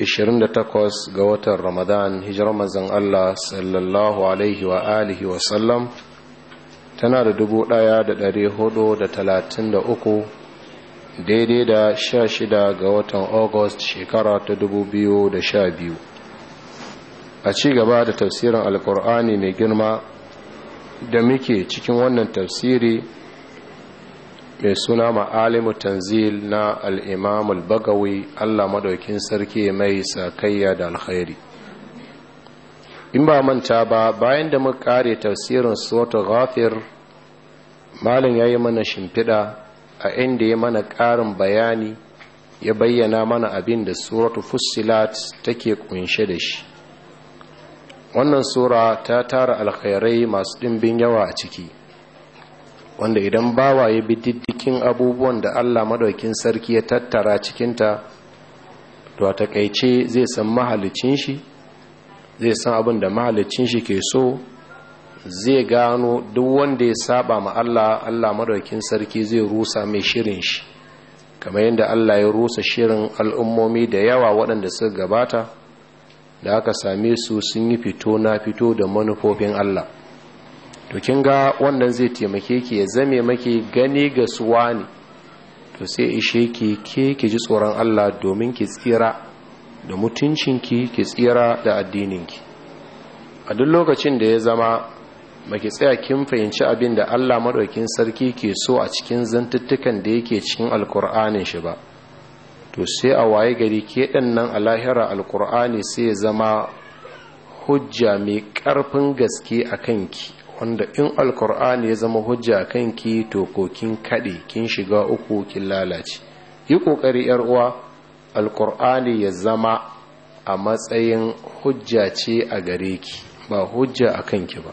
28 ga watan Ramadan hijirar mazan Allah sallallahu alaihi wa alihi wa sallam tana da da talatin uku, daidai da sha shida ga watan August shekara ta biyu. a ci gaba da tafsirin alkur'ani mai girma da muke cikin wannan tafsiri mai suna ma'alimu tanzil na al'imam al-bagawi allah madaukin sarki mai sakayya da alkhairi in ba manta ba bayan da muka kare tafsirin sota ghafir malin ya yi mana shimfiɗa a inda ya mana ƙarin bayani ya bayyana mana abin da suratu fussilat take kunshe da shi wannan sura ta tara alkhairai masu ɗimbin yawa a ciki wanda idan bawa ya bi diddikin abubuwan da Allah madaukin sarki ya tattara cikinta to a takeice zai san mahalicin shi zai san abin da mahalicin shi ke so zai gano duk wanda ya saba ma Allah Allah madaukin sarki zai rusa mai shirin shi kamar yadda Allah ya rusa shirin al'ummomi da yawa waɗanda suka gabata da aka same su sun yi fito na fito da manufofin Allah to kin ga wannan zai taimake ki ya zame maki gani ga suwa ne to sai ishe ki ke ki ji tsoron Allah domin ki tsira da mutuncinki ki tsira da addininki a duk lokacin da ya zama baki tsaya kin fahimci abin da Allah madaukin sarki ke so a cikin zantuttukan da yake cikin alkur'anin shi ba to sai a waye gari ke nan a lahira alkur'ani sai ya zama hujja mai ƙarfin gaske a kanki wanda in alkur'ani ya zama hujja kan ki to ko kin kade kin shiga uku kin lalace yi kokari yar uwa alkur'ani ya zama a matsayin hujja ce a gare ki ba hujja a kanki ba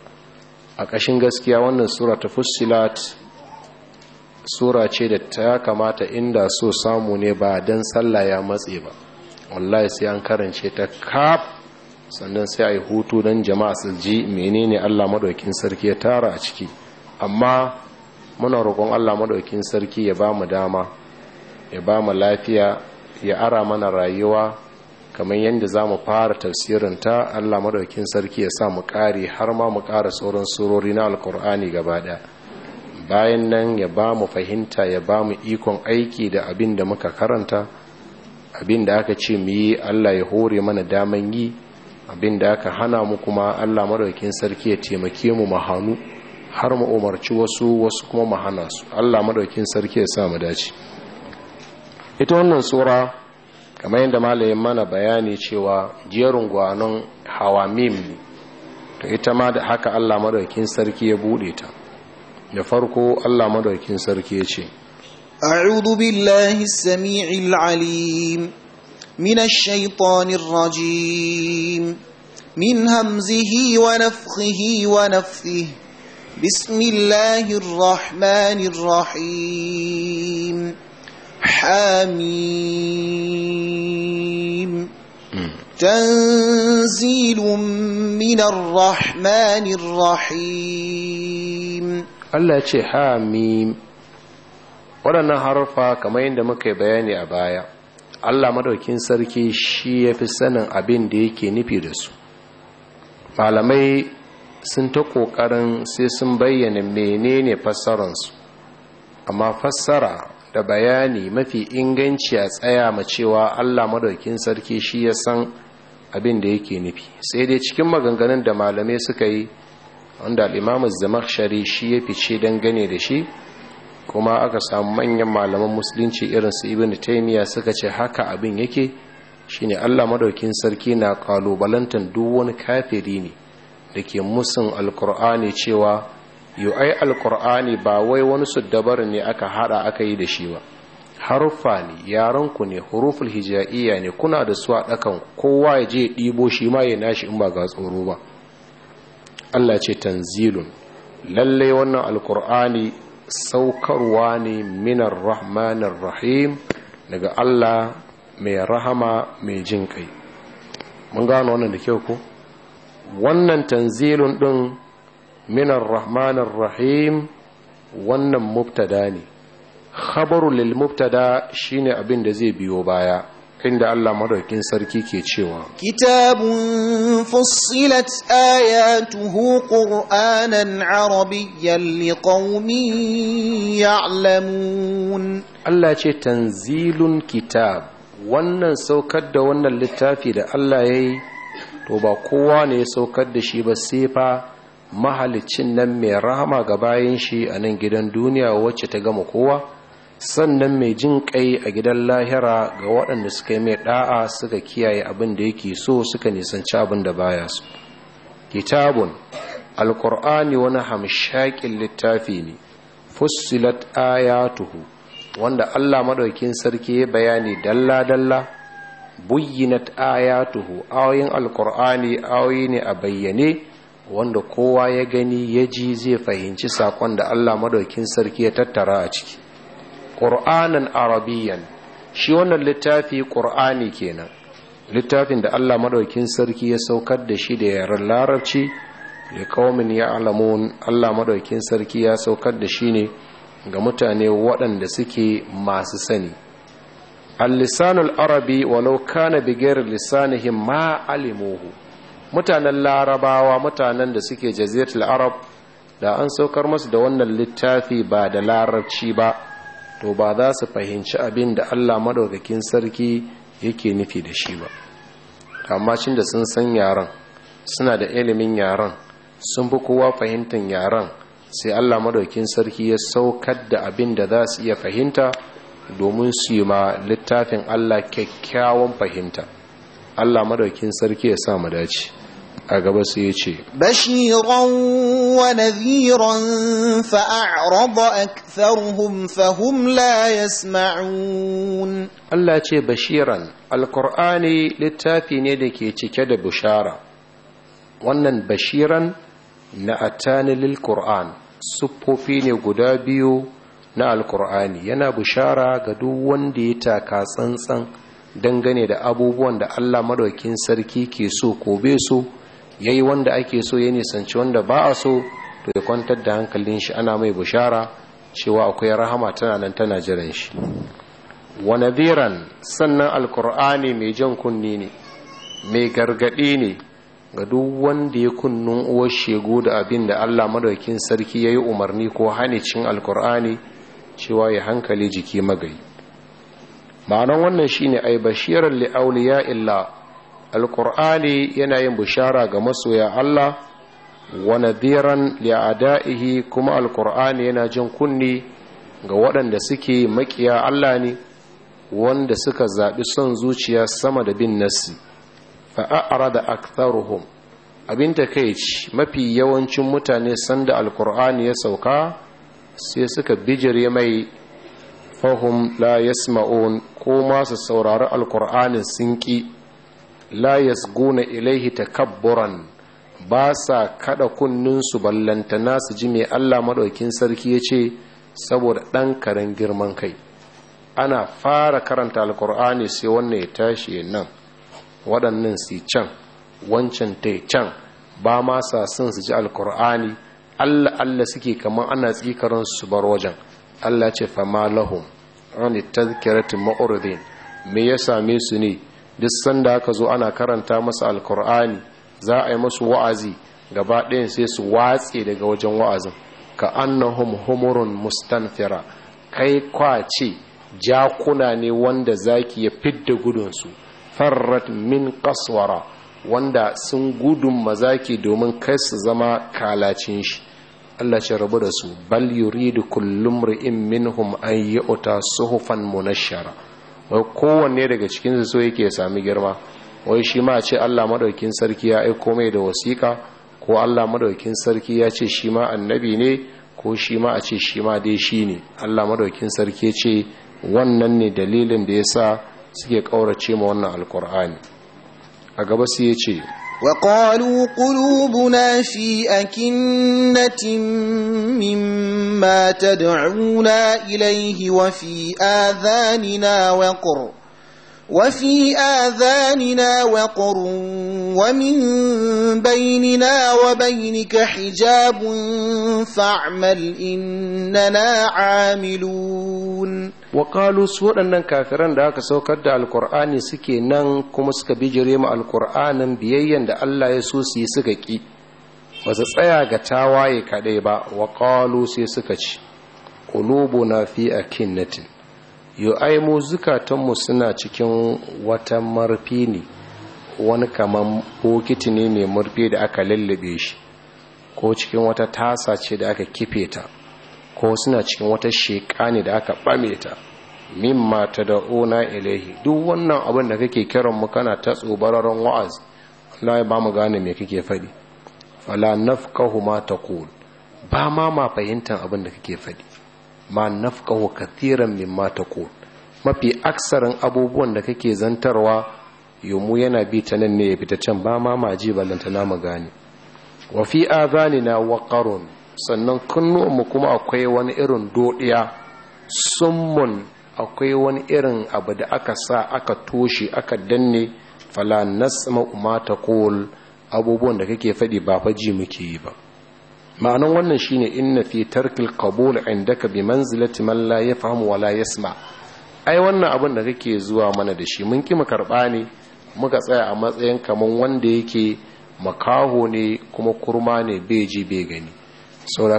a ƙashin gaskiya wannan sura ta fussilat sura ce da ta kamata inda so samu ne ba dan sallah ya matse ba wallahi sai an karance ta kaf sannan sai a yi hutu don jama'a su ji menene allah maɗaukin sarki ya tara a ciki amma muna roƙon allah maɗaukin sarki ya ba mu dama ya ba mu lafiya ya ara mana rayuwa kamar yadda za mu fara tafsirinta allah maɗaukin sarki ya sa mu ƙari har ma mu ƙara sauran surori na alkur'ani gaba ɗaya bayan nan ya ba mu fahimta ya ba mu ikon aiki da abin da muka karanta abin da aka ce mu yi allah ya hore mana daman yi abin da aka hana mu kuma allah Maɗaukin sarki ya taimake mu mahanu har mu umarci wasu wasu kuma mu hana su allah Maɗaukin sarki ya sa mu dace ita wannan sura kamar yadda malayin mana bayani cewa jerin gwanon hawamim ne to ita ma da haka allah Maɗaukin sarki ya bude ta da farko allah Maɗaukin sarki ya ce a'udhu billahi as-sami'il من الشيطان الرجيم من همزه ونفخه ونفثه بسم الله الرحمن الرحيم حميم تنزيل من الرحمن الرحيم الله يقول حميم ولا haruffa kamar yadda muka أبايا Allah madaukin sarki shi ya fi sanin abin da yake nufi da su malamai sun ta ƙoƙarin sai sun bayyana menene su amma fassara da bayani mafi inganci a tsaya ma cewa Allah madaukin sarki shi ya san abin da yake nufi sai dai cikin maganganun da malamai suka yi wanda al'imamu shari shi ya fice dangane da shi kuma aka samu manyan malaman musulunci irin su ibn taymiya suka ce haka abin yake shine Allah madaukin sarki na kalubalantan duk wani kafiri ne da ke musun alkur'ani cewa yuai ai alkur'ani ba wai wani su dabar ne aka hada aka yi da shi ba haruffa ne ku ne huruful hijaiya ne kuna da su a ɗakan kowa ya je ɗibo shi ma ya nashi in ba ga tsoro ba Allah ce tanzilun lallai wannan alkur'ani saukarwa ne minar rahmanar rahim daga Allah mai rahama mai jin kai mun gano wannan da kyau ko wannan tanzilun din minar rahmanar rahim wannan mubtada ne khabaru lil mubtada shine abin da zai biyo baya inda Allah madaukin sarki ke cewa kitabun fussilat ayatuhu qur'anan arabiyyan liqaumin ya'lamun Allah ce tanzilun kitab wannan saukar da wannan littafi da Allah yayi to ba kowa ne ya saukar da shi ba sai fa mahalicin nan mai rahama ga bayan shi a nan gidan duniya wacce ta gama kowa sannan mai jin kai a gidan lahira ga waɗanda suka yi mai ɗa'a suka kiyaye abin da yake so suka nisanci abin da baya su. kitabun alkur'ani wani hamshakin littafi ne fussilat ayatuhu wanda allah maɗaukin sarki ya bayani dalla-dalla buyinat ayatuhu ayoyin alkur'ani ayoyi ne a bayyane wanda kowa ya gani ya ji zai fahimci saƙon da allah maɗaukin sarki ya tattara a ciki ƙur'anin arabiyan shi wannan littafi ƙur'ani kenan littafin da allah maɗaukin sarki ya saukar da shi da yaren larabci da kaumin ya alamun allah maɗaukin sarki ya saukar da shi ne ga mutane waɗanda suke masu sani al arabi walau kana bigayar lisanihim ma alimuhu mutanen larabawa mutanen da suke jaziratul arab da an saukar masu da wannan littafi ba da larabci ba to ba za su fahimci abin da Allah madaukakin sarki yake nufi da shi ba amma cin da sun san yaran suna da ilimin yaran sun fi kowa fahimtar yaran sai Allah madaukakin sarki ya saukar da abin da za su iya fahimta domin su yi ma littafin Allah kyakkyawan fahimta Allah madaukakin sarki ya sa mu dace a gaba sai ya ce bashiran wa nadhiran a'rada aktharuhum hum la yasma'un Allah ce bashiran alqur'ani littafi ne da ke cike da bushara wannan bashiran na atani lil qur'an siffofi ne guda biyu na alqur'ani yana bushara ga duk wanda ya taka tsantsan dangane da abubuwan da Allah madaukin sarki ke so ko bai so ya yi wanda ake so ya nisanci wanda ba a so to ya kwantar da hankalin shi ana mai bushara cewa akwai rahama tana nan tana jiran shi Wani biran sannan alkur'ani mai jan kunni ne mai gargadi ne ga duk wanda ya kunnun uwar shego da abin da Allah madaukin sarki ya yi umarni ko hanicin alkur'ani cewa ya hankali jiki magayi ma'anar wannan shine ai bashirar li illa alƙur'ani yana yin bishara ga masoya Allah wa nadhiran li'ada'ihi kuma alƙur'ani yana jin kunni ga waɗanda suke makiya Allah ne wanda suka zaɓi son zuciya sama da bin nassi fa'ara da aktharuhum abin takeici mafi yawancin mutane sanda alƙur'ani ya sauka sai suka bijire mai fahum la yasma'un ko su saurari Alƙur'ani sun ƙi la yasguna ilaihi takabburan ba sa kada kunninsu ballanta nasu ji mai Allah maɗaukin sarki ya ce saboda ɗan karen girman kai ana fara karanta alkur'ani sai wannan ya tashi nan waɗannan su can wancan ta can ba ma sa sun su ji alkur'ani Allah Allah suke kamar ana tsikarin su bar wajen Allah ce fama lahum ani tazkiratu ma'urdin me ya same su ne duk sanda haka zo ana karanta masa alkur'ani za a yi masu wa'azi gaba ɗayan sai su watse daga wajen wa'azin ka annahum humurun mustanfira kai kwace jakuna ne wanda zaki ya fidda gudun su farrat min kaswara wanda sun gudun mazaki domin kai su zama kalacin shi Allah ce rabu da su bal yuridu kullum ri'in minhum an yi'uta suhufan munashara kowanne daga cikin su so yake sami girma wai shi ma ce Allah madaukin sarki ya aiko mai da wasiƙa ko Allah madaukin sarki ya ce shi ma annabi ne ko shi ma a ce shi ma dai shi ne Allah madaukin sarki ya ce wannan ne dalilin da ya sa suke ƙaurace ma wannan alkur'ani a gaba su ya ce وقالوا قلوبنا في أكنة مما تدعونا إليه وفي آذاننا وقر وفي آذاننا وقر ومن بيننا وبينك حجاب فاعمل إننا عاملون وقالوا سورة أن كافران دا كسوكر دا القرآن سكي نن كمسك بجريم القرآن بيين دا الله يسوسي سكي وسسايا غتاواي كديبا وقالوا سي قلوبنا في أكنة yo ai mu zukatanmu suna cikin wata marfi ne wani kaman bokiti ne mai murfi da aka lallabe shi ko cikin wata tasa ce da aka kife ta ko suna cikin wata sheƙa ne da aka ɓame ta mimma ta ona ilahi duk wannan abin da kake kiran mu kana ta tsobararren wa'az Allah ya ba mu gane me kake faɗi fala nafqahu ma taqul ba ma ma fahimtar abin da kake faɗi ma nafqahu kathiran mimma taqul mafi aksarin abubuwan da kake zantarwa yomu yana bi ta nan ne ya fita can ba ma maji ballanta na mu gane wa fi adhanina waqarun sannan mu kuma akwai wani irin dodiya summun akwai wani irin abu da aka sa aka toshe aka danne fala nasma ma taqul abubuwan da kake faɗi ba fa ji muke yi ba ma'anan wannan shine inna fi tarkil qabul indaka bi manzilati man la yafhamu wa la yasma ai wannan abin da kake zuwa mana da shi mun kima mu karba ne muka tsaya a matsayin kamar wanda yake makaho ne kuma kurma ne bai ji bai gani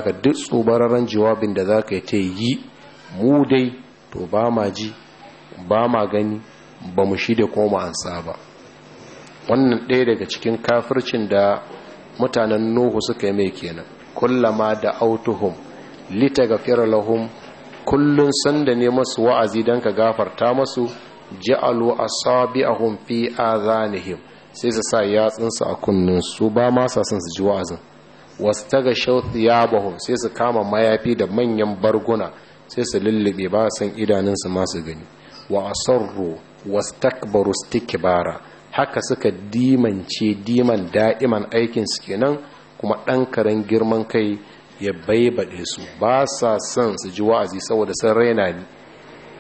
ka duk tsobararren jawabin da zaka yi ta yi mu dai to ba ma ji ba ma gani ba mu shi da koma an saba wannan ɗaya daga cikin kafircin da mutanen nuhu suka yi mai kenan kullama da autuhum ga lahum kullum sanda ne masu wa'azi don ka gafarta masu ja'alu humfi a zanihim sai su sa yatsunsu a kunnen su ba ma sa son su ji wa'azin wasu ta ya bahu sai su kama mayafi da manyan barguna sai su lullube ba san idanunsu masu gani wa asarru wastakbaru stikbara haka suka dimance diman da'iman aikin su kenan kuma ɗan karen girman kai ya baibaɗe su ba sa son su ji wa'azi saboda sun raina ni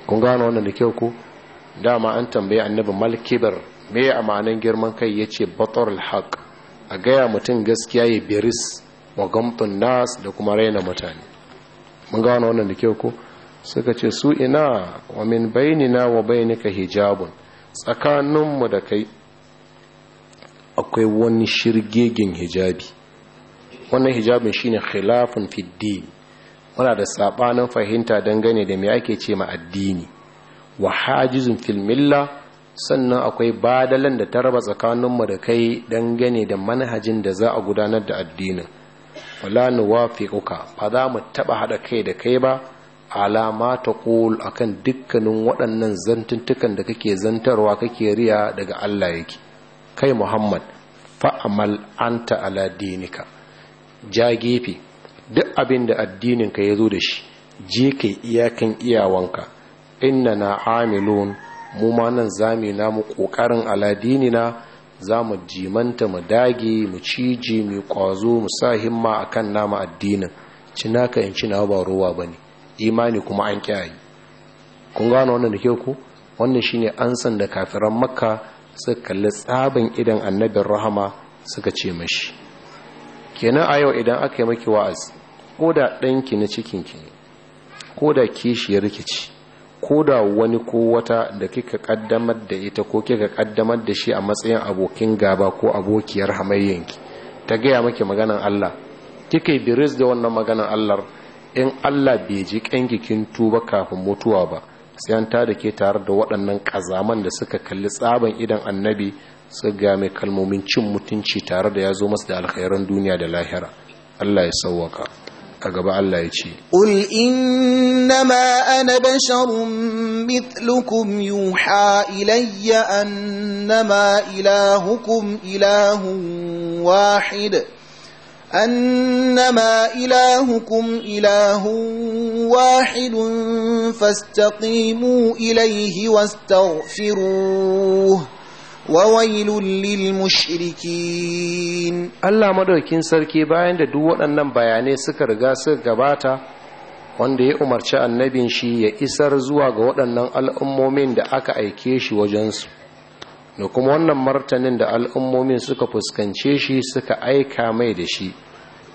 kun gano wannan da kyau ko dama an tambaye annabi malkibar me amanan girman kai ya ce batar alhaq a gaya mutum gaskiya ya biris wa gamtun nas da kuma raina mutane mun gano wannan da kyau ko suka ce su ina wa min bainina wa bainika hijabun tsakaninmu da kai akwai wani shirgegen hijabi wannan hijabin shine khilafun fi fiddi. muna da sabanin fahimta dangane da me ake ce ma addini wa hajizun fil sannan akwai badalan da ta raba tsakaninmu da kai dangane da manhajin da za a gudanar da addinin wala nuwafiquka ba za mu taba hada kai da kai ba alama ta a akan dukkanin waɗannan zantuntukan da kake zantarwa kake riya daga Allah yake kai Muhammad fa'amal anta ala dinika ja gefe duk abin da addininka ya zo da shi je kai iyakan iyawanka inna na amilun mu ma nan zami na mu ƙoƙarin na za mu jimanta mu dage mu ciji mu ƙwazo mu sa himma akan kan nama addinin cinaka in cina ba ruwa ba ne imani kuma an ƙyayi kun gano wannan da ke ku wannan shine an san da kafiran makka suka kalli tsabin idan annabin rahama suka ce mashi kenan a yau idan aka yi maki wa'azi ko da ɗanki na cikinki ne ko da kishiyar rikici ko da wani ko wata da kika kaddamar da ita ko kika kaddamar da shi a matsayin abokin gaba ko abokiyar hamayyanki ta gaya maki maganan Allah kika yi biris da wannan maganan Allah in Allah bai ji kin tuba kafin mutuwa ba sai an ta da ke tare da waɗannan ƙazaman da suka kalli tsaban idan annabi tsiga mai kalmomin cin mutunci tare da ya zo masu da alkhairan duniya da lahira Allah ya sauwaka a gaba Allah ya ce ul innama ana basharun mithlukum yuha ilayya annama ilahukum ilahun wahid أنما إلهكم إله واحد فاستقيموا إليه واستغفروه وويل للمشركين الله مدوكين سركي باين da duk waɗannan bayanai suka riga suka gabata wanda ya umarci annabin shi ya isar zuwa ga waɗannan al'ummomin da aka aike shi wajensu da kuma wannan martanin da al'ummomin suka fuskance shi suka aika mai da shi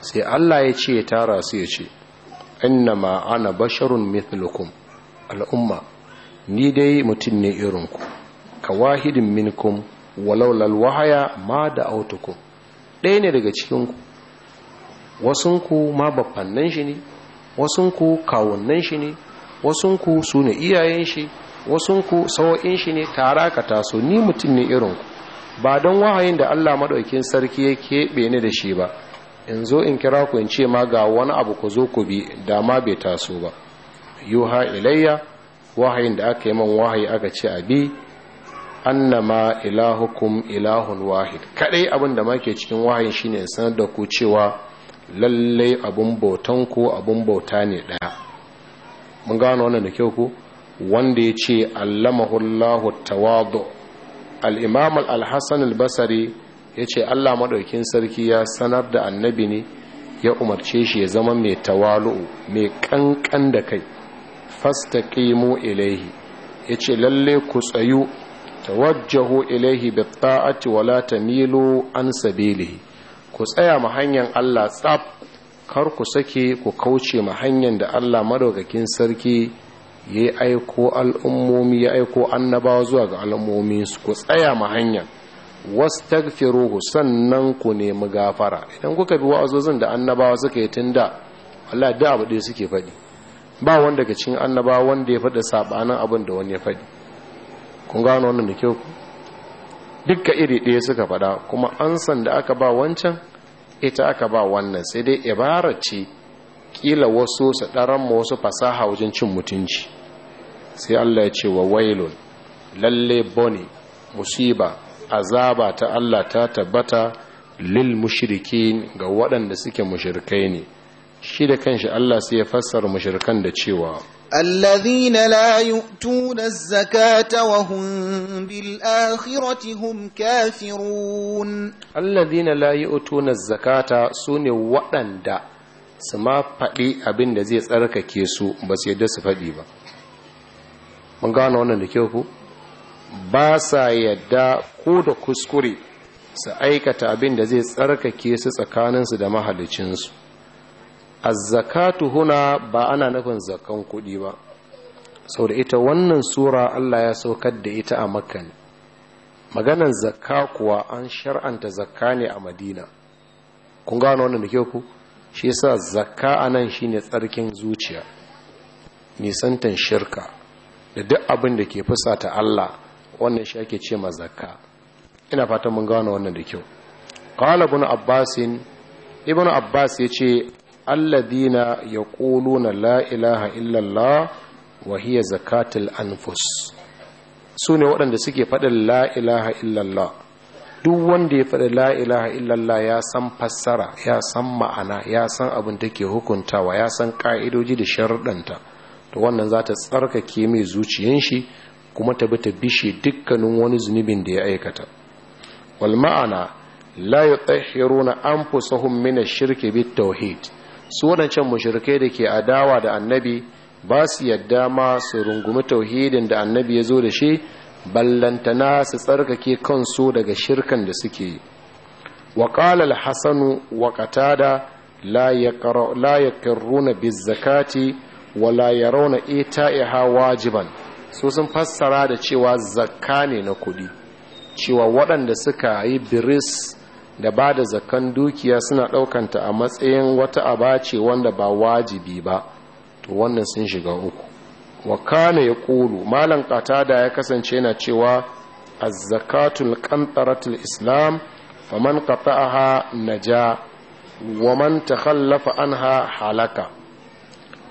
sai Allah ya ce ya tara su ya ce ma ana basharun mithlukum al'umma ni dai mutum ne irinku ka wahidin minkum walaulal wahaya ma da autukum ɗaya ne daga cikinku wasunku ma babbannan shi ne wasunku kawunnan shi ne wasunku su ne iyayen shi wasunku sawo'in shi ne tara ka taso ni mutum ne irinku ba don wahayin da allah maɗaukin sarki ya keɓe ni da shi ba in zo in kira ku in ce ma ga wani abu ku zo ku bi da ma bai taso ba yuha ilayya wahayin da aka yi man wahayi aka ce a bi annama ilahukum ilahun wahid kadai abin da ma ke cikin wahayin shine sanar da ku cewa lalle abun bautan ku abun bauta ne daya mun gano wannan da kyau ku wanda yace ce allamahu allah tawadu al-imam al-hasan al-basri yace Allah madaukin sarki ya sanar da annabi ne ya umarce shi ya zama mai tawalu mai kankan da kai fastaqimu ilaihi yace lalle ku tsayu tawajjahu ilaihi bi ta'ati wa la tamilu an sabilihi ku tsaya ma hanyar Allah tsaf kar ku sake ku kauce ma hanyar da Allah madaukakin sarki ya aiko al'ummomi ya aiko annabawa zuwa ga al'ummomi ku tsaya ma hanyar wastagfiruhu sannan ku nemi gafara idan kuka bi wa'azozin da annabawa suka yi tunda Allah da abu ɗaya suke faɗi ba wanda ga cikin annabawa wanda ya faɗi sabanin abin da wani ya faɗi kun gano wannan da kyau dukka iri ɗaya suka faɗa kuma ansan da aka ba wancan ita aka ba wannan sai dai ibara ce kila wasu su ɗaran ma wasu fasaha wajen cin mutunci sai Allah ya ce wa wailun lalle boni musiba azaba ta Allah ta tabbata lil mushrikin ga waɗanda suke mushirkai ne shi da kanshi Allah sai ya fassara mushirkan da cewa الذين لا يؤتون الزكاة وهم بالآخرة هم كافرون الذين لا يؤتون الزكاة سوني دا سما فدي أبن نزي سأرك كيسو بس يدى فدي با من gano wannan نكيوكو باسا يدى قود كسكري yadda ko نزي سأرك كيسو aikata abin da zai azzakatu huna ba ana nufin zakan kuɗi ba Sau da ita wannan sura Allah ya saukar da ita a Makka maganan zakka kuwa an shar'anta zakka ne a Madina kun gano wannan da ke ku shi sa zakka shi ne tsarkin zuciya nisantan shirka da duk abin da ke fusata Allah wannan shi ake ce ma zakka ina fatan mun gano wannan da kyau qala ibn abbas ibn abbas yace alladina ya ƙuluna la'ilaha illallah hiya zakatul anfus su ne waɗanda suke faɗin la'ilaha illallah duk wanda ya faɗi la'ilaha illallah ya san fassara ya san ma'ana ya san abin da ke hukuntawa ya san ƙa'idoji da sharuɗanta to wannan za ta tsarkake mai zuciyan shi kuma ta bi ta bishe dukkanin wani zunubin da ya aikata wal ma'ana la yutahhiruna anfusahum min ash-shirki bit-tauhid su waɗancan mashirkai da ke adawa da annabi ba su yadda ma su rungumi tauhidin da annabi ya zo da shi ballantana su tsarkake kansu daga shirkan da suke yi wa qala al wa ƙatada la yaqruna zakati wa la yarawna wajiban su sun fassara da cewa zakka ne na kuɗi cewa waɗanda suka yi biris da ba da zakan dukiya suna ɗaukanta a matsayin wata abaci wanda ba wajibi ba to wannan sun shiga uku wa kana ya ƙulu malam da ya kasance yana cewa azzakatul qantaratul islam faman qata'aha naja wa man takhallafa anha halaka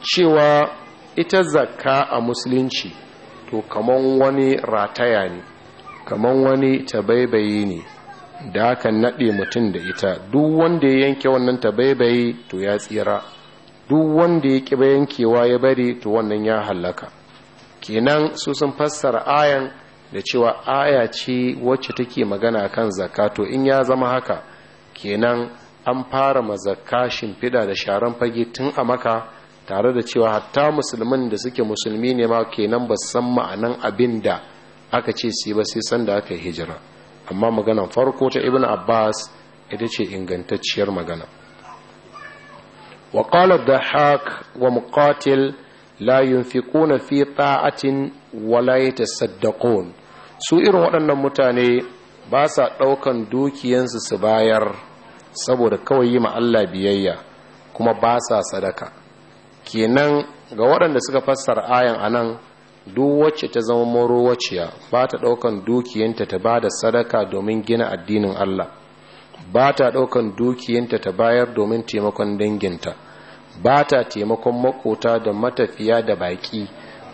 cewa ita zakka a musulunci to kaman wani rataya ne kaman wani tabaibayi ne da aka naɗe mutum da ita duk wanda ya yanke wannan ta tabaibaye to ya tsira duk wanda ya ƙi yankewa ya bari to wannan ya hallaka kenan su sun fassara ayan da cewa aya ce wacce take magana kan zakka to in ya zama haka kenan an fara mazakka shimfiɗa da sharan fage tun a maka tare da cewa hatta musulmin da suke musulmi ne ma kenan ba san ma'anan abin da aka ce sai ba sai san da aka hijira amma maganan farko ta ibn abbas ita ce ingantacciyar magana wa muqatil la yunfiquna fi ta'atin wa la yatasaddaqun su irin waɗannan mutane ba sa ɗaukan dukiyansu su bayar saboda kawai yi Allah biyayya kuma ba sa sadaka kenan ga waɗanda suka fassara ayan anan duk wacce ta zama marowaciya ba ta ɗaukan dukiyanta ta ba da sadaka domin gina addinin Allah ba ta ɗaukan dukiyanta ta bayar domin taimakon danginta ba ta taimakon makota da matafiya da baƙi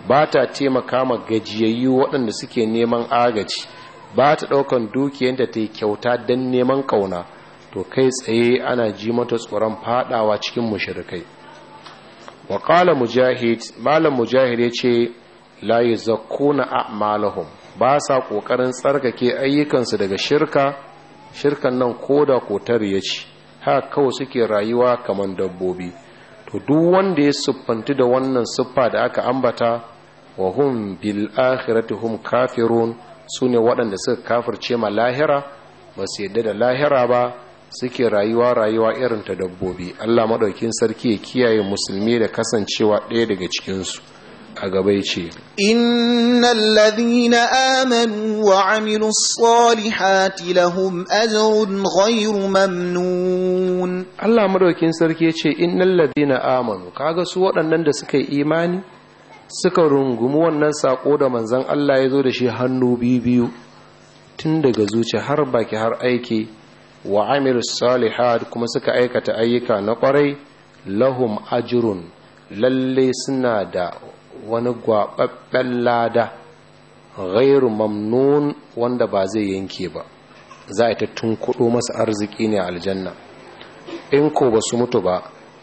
ba ta taimaka ma gajiyayyu waɗanda suke neman agaji ba ta ɗaukan dukiyanta ta yi kyauta don neman ƙauna to kai tsaye ana ji mata tsoron faɗawa cikin mushirikai. wa ƙala mujahid malam mujahid ya ce la a malahun ba sa kokarin tsarkake ayyukansu daga shirka shirkan nan da ko tariye ce haka kawai suke rayuwa kamar dabbobi to duk wanda ya siffanti da wannan siffa da aka ambata wa hum bil akhirati hum kafirun ne waɗanda suka kafirce ma lahira ba su yadda da lahira ba suke rayuwa rayuwa irin ta dabbobi Allah maɗaukin sarki ya kiyaye musulmi da kasancewa ɗaya daga cikinsu a gaba ya ce innal ladhina amanu wa amilu salihati lahum ajrun ghayru mamnun Allah madaukin sarki ya ce innal ladhina amanu kaga su waɗannan da suka yi imani suka rungumi wannan sako da manzon Allah ya zo da shi hannu biyu biyu tun daga zuciya har baki har aiki wa amilus salihat kuma suka aikata ayyuka na kwarai lahum ajrun lalle suna da wani gwaɓaɓɓen lada ghairu mamnun wanda ba zai yanke ba za a ta tunkuɗo masa arziki ne a aljanna in ko ba su mutu ba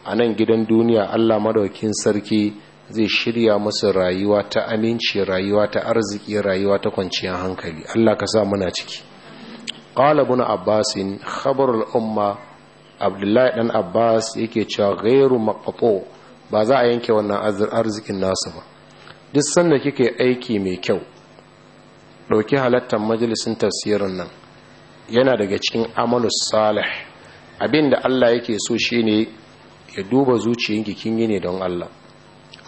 a nan gidan duniya allah madaukin sarki zai shirya musu rayuwa ta aminci rayuwa ta arziki rayuwa ta kwanciyar hankali allah ka sa muna ciki ƙalabun abbasin khabarul umma abdullahi dan abbas yake cewa gairu maƙaƙo ba za a yanke wannan arzikin nasu ba duk sanda kika yi aiki mai kyau ɗauki halattar majalisin tafsirin nan yana daga cikin amalus salih abin da Allah yake so shine ya duba zuciyanki kin yi ne don Allah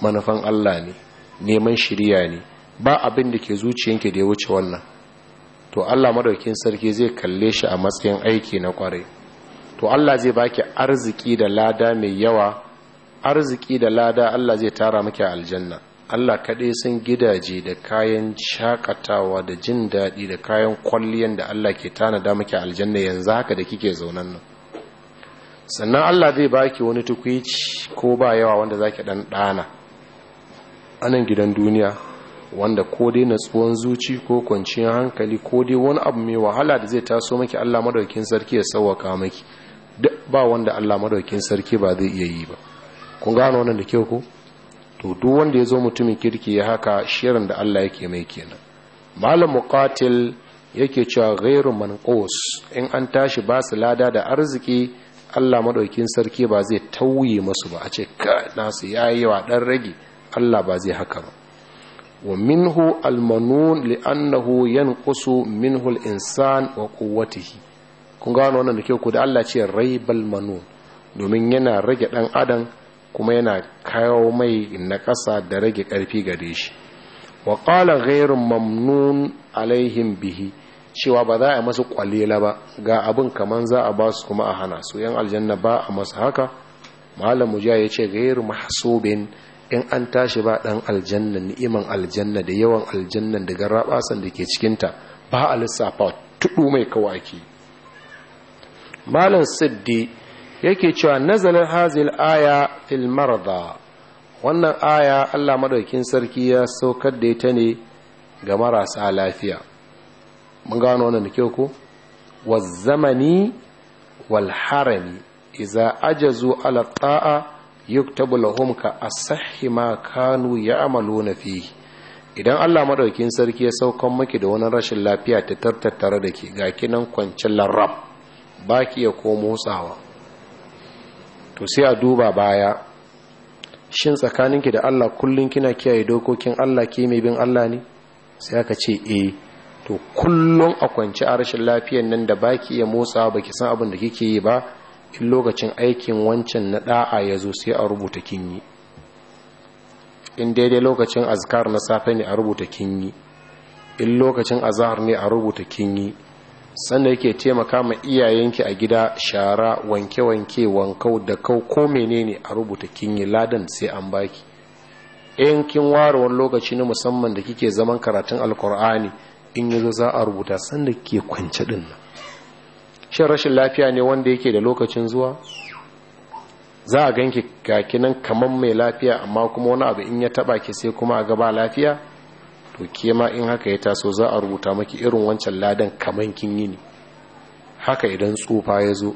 manufan Allah ne neman shirya ne ba abin da ke zuciyanki da ya wuce wannan to Allah madaukin sarki zai kalle shi a matsayin aiki na kwarai to Allah zai baki arziki da lada mai yawa arziki da lada Allah zai tara miki aljanna Allah kaɗai sun gidaje da kayan shakatawa da jin daɗi da kayan kwalliyan da Allah ke tanada muke aljanna yanzu haka da kike zaunan nan sannan Allah zai baki wani tukwici ko ba yawa wanda zaki dan ɗana anan gidan duniya wanda ko dai natsuwan zuci ko kwanciyar hankali ko dai wani abu mai wahala da zai taso maki Allah madaukakin sarki ya sauwaka maki duk ba wanda Allah madaukakin sarki ba zai iya yi ba kun gano wannan da kyau ko to duk wanda ya zo mutumin kirki ya haka shirin da Allah yake mai kenan malam muqatil yake cewa ghairu manqus in an tashi ba su lada da arziki Allah madaukin sarki ba zai tauye musu ba a ce ka nasu yayi wa dan rage Allah ba zai haka ba wa minhu almanun li'annahu yanqusu minhu alinsan wa quwwatihi kun gano wannan da ke ku da Allah ce raibal manun domin yana rage dan adam kuma yana kawo mai na ƙasa da rage ƙarfi gare shi wa ƙala ghairun mamnun alaihim bihi cewa ba za a masu ƙwalila ba ga abin kaman za a ba su kuma a hana su yan aljanna ba a masu haka malam mujiya ya ce gairu mahasubin in an tashi ba ɗan aljanna ni'iman aljanna da yawan aljanna da Rabasan da ke cikinta ba a lissafa tudu mai kawaki malam siddi yake cewa nazalin hazil aya fil marda wannan aya Allah madaukin sarki ya saukar da ita ne ga marasa lafiya mun gano wannan da kyau ko wazzamani wal harami idza ajazu ala ta'a yuktabu lahum ka asahhi ma kanu ya'maluna fihi idan Allah madaukin sarki ya saukar miki da wani rashin lafiya ta tattare da ke ga kinan kwancin larab baki ya ko motsawa to sai a duba baya shin tsakaninki da Allah kullun kina kiyaye dokokin Allah ke mai bin Allah ne sai aka ce eh to kullum a kwanci a rashin lafiyar nan da baki iya motsa baki san abin da kike yi ba in lokacin aikin wancan na da'a ya zo sai a rubuta kin yi in daidai lokacin azkar na safe ne a rubuta kin yi in lokacin azahar ne a rubuta kin yi sanda yake taimaka ma iyayenki a gida shara wanke-wanke wankau da kau ko menene a rubuta kinyi ladan sai an baki in kin ware wani lokaci na musamman da kike zaman karatun alkur'ani in zo za a rubuta sanda ke kwance din nan shin rashin lafiya ne wanda yake da lokacin zuwa za a ganki nan kamar mai lafiya amma kuma wani abu in ya taba ki sai kuma a gaba lafiya to ke ma in haka ya taso za a rubuta maki irin wancan ladan kaman kin yi ne haka idan tsufa ya zo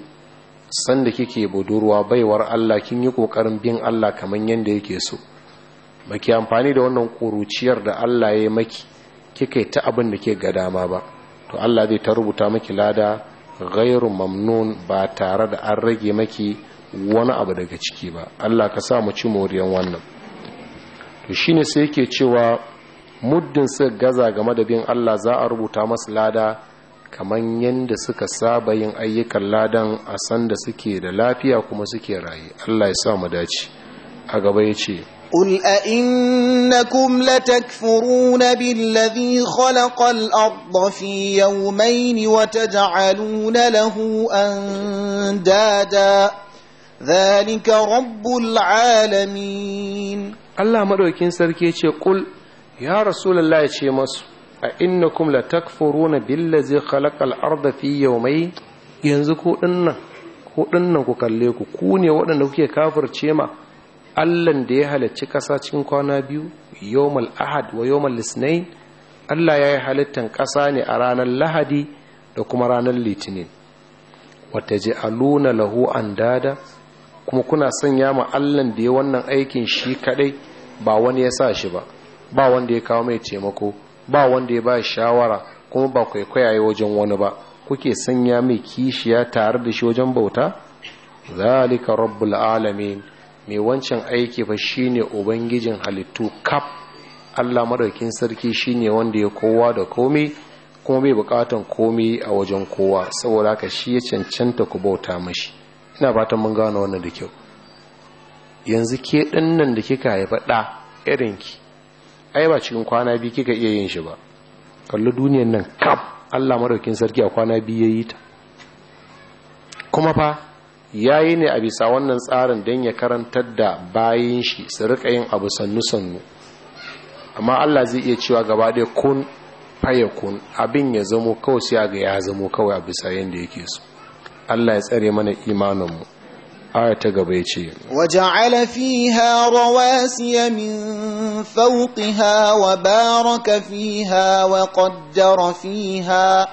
sanda kike budurwa baiwar Allah kin yi kokarin bin Allah kaman yanda yake so baki amfani da wannan kuruciyar da Allah ya maki kike ta abin da ke ga dama ba to Allah zai ta rubuta maki lada ghairu mamnun ba tare da an rage maki wani abu daga ciki ba Allah ka sa mu ci moriyan wannan to shine sai yake cewa muddin su gaza game da bin Allah za a rubuta masu lada kamar yadda suka saba yin ayyukan ladan a sanda suke da lafiya kuma suke raye Allah ya sa mu dace a gaba ya ce قل أئنكم لتكفرون بالذي خلق الأرض في يومين وتجعلون له أندادا ذلك رب العالمين الله مدوكين سركي ce قل ya rasulullah ya ce masu a innakum la takfuruna billazi khalaqal arda fi yawmai yanzu ko dinnan ko dinnan ku kalle ku ku ne waɗanda kuke kafirce ma Allahn da ya halarci ƙasa cikin kwana biyu yawmal ahad wa yawmal lisnain Allah ya yi halittan ƙasa ne a ranar lahadi da kuma ranar litinin wata ji aluna lahu an dada kuma kuna sanya ma allah da ya wannan aikin shi kaɗai ba wani ya sa shi ba ba wanda ya kawo mai taimako ba wanda ya ba shawara kuma ba kwaikwaya ya wajen wani ba kuke sanya mai kishiya tare da shi wajen bauta zalika rabbul alamin mai wancan aiki fa shine ubangijin halittu kaf Allah madaukin sarki shine wanda ya kowa da komai kuma bai bukatan komai a wajen kowa saboda haka shi ya cancanta ku bauta mashi ina fatan mun gano wannan da kyau yanzu ke dinnan da kika haifa da irinki ai ba cikin kwana biyu kika iya yin shi ba kalli duniyar nan kaf Allah madaukin sarki a kwana biyu ya yi ta kuma fa yayi ne a bisa wannan tsarin dan ya karantar da bayan shi su rika yin abu sannu sannu amma Allah zai iya cewa gaba ɗaya kun faya kun abin ya zamo kawai sai ga ya zamo kawai a bisa yanda yake so Allah ya tsare mana imanin mu aya ta gaba ya ce waja'ala fiha rawasiya min fawqiha wa baraka fiha wa qaddara fiha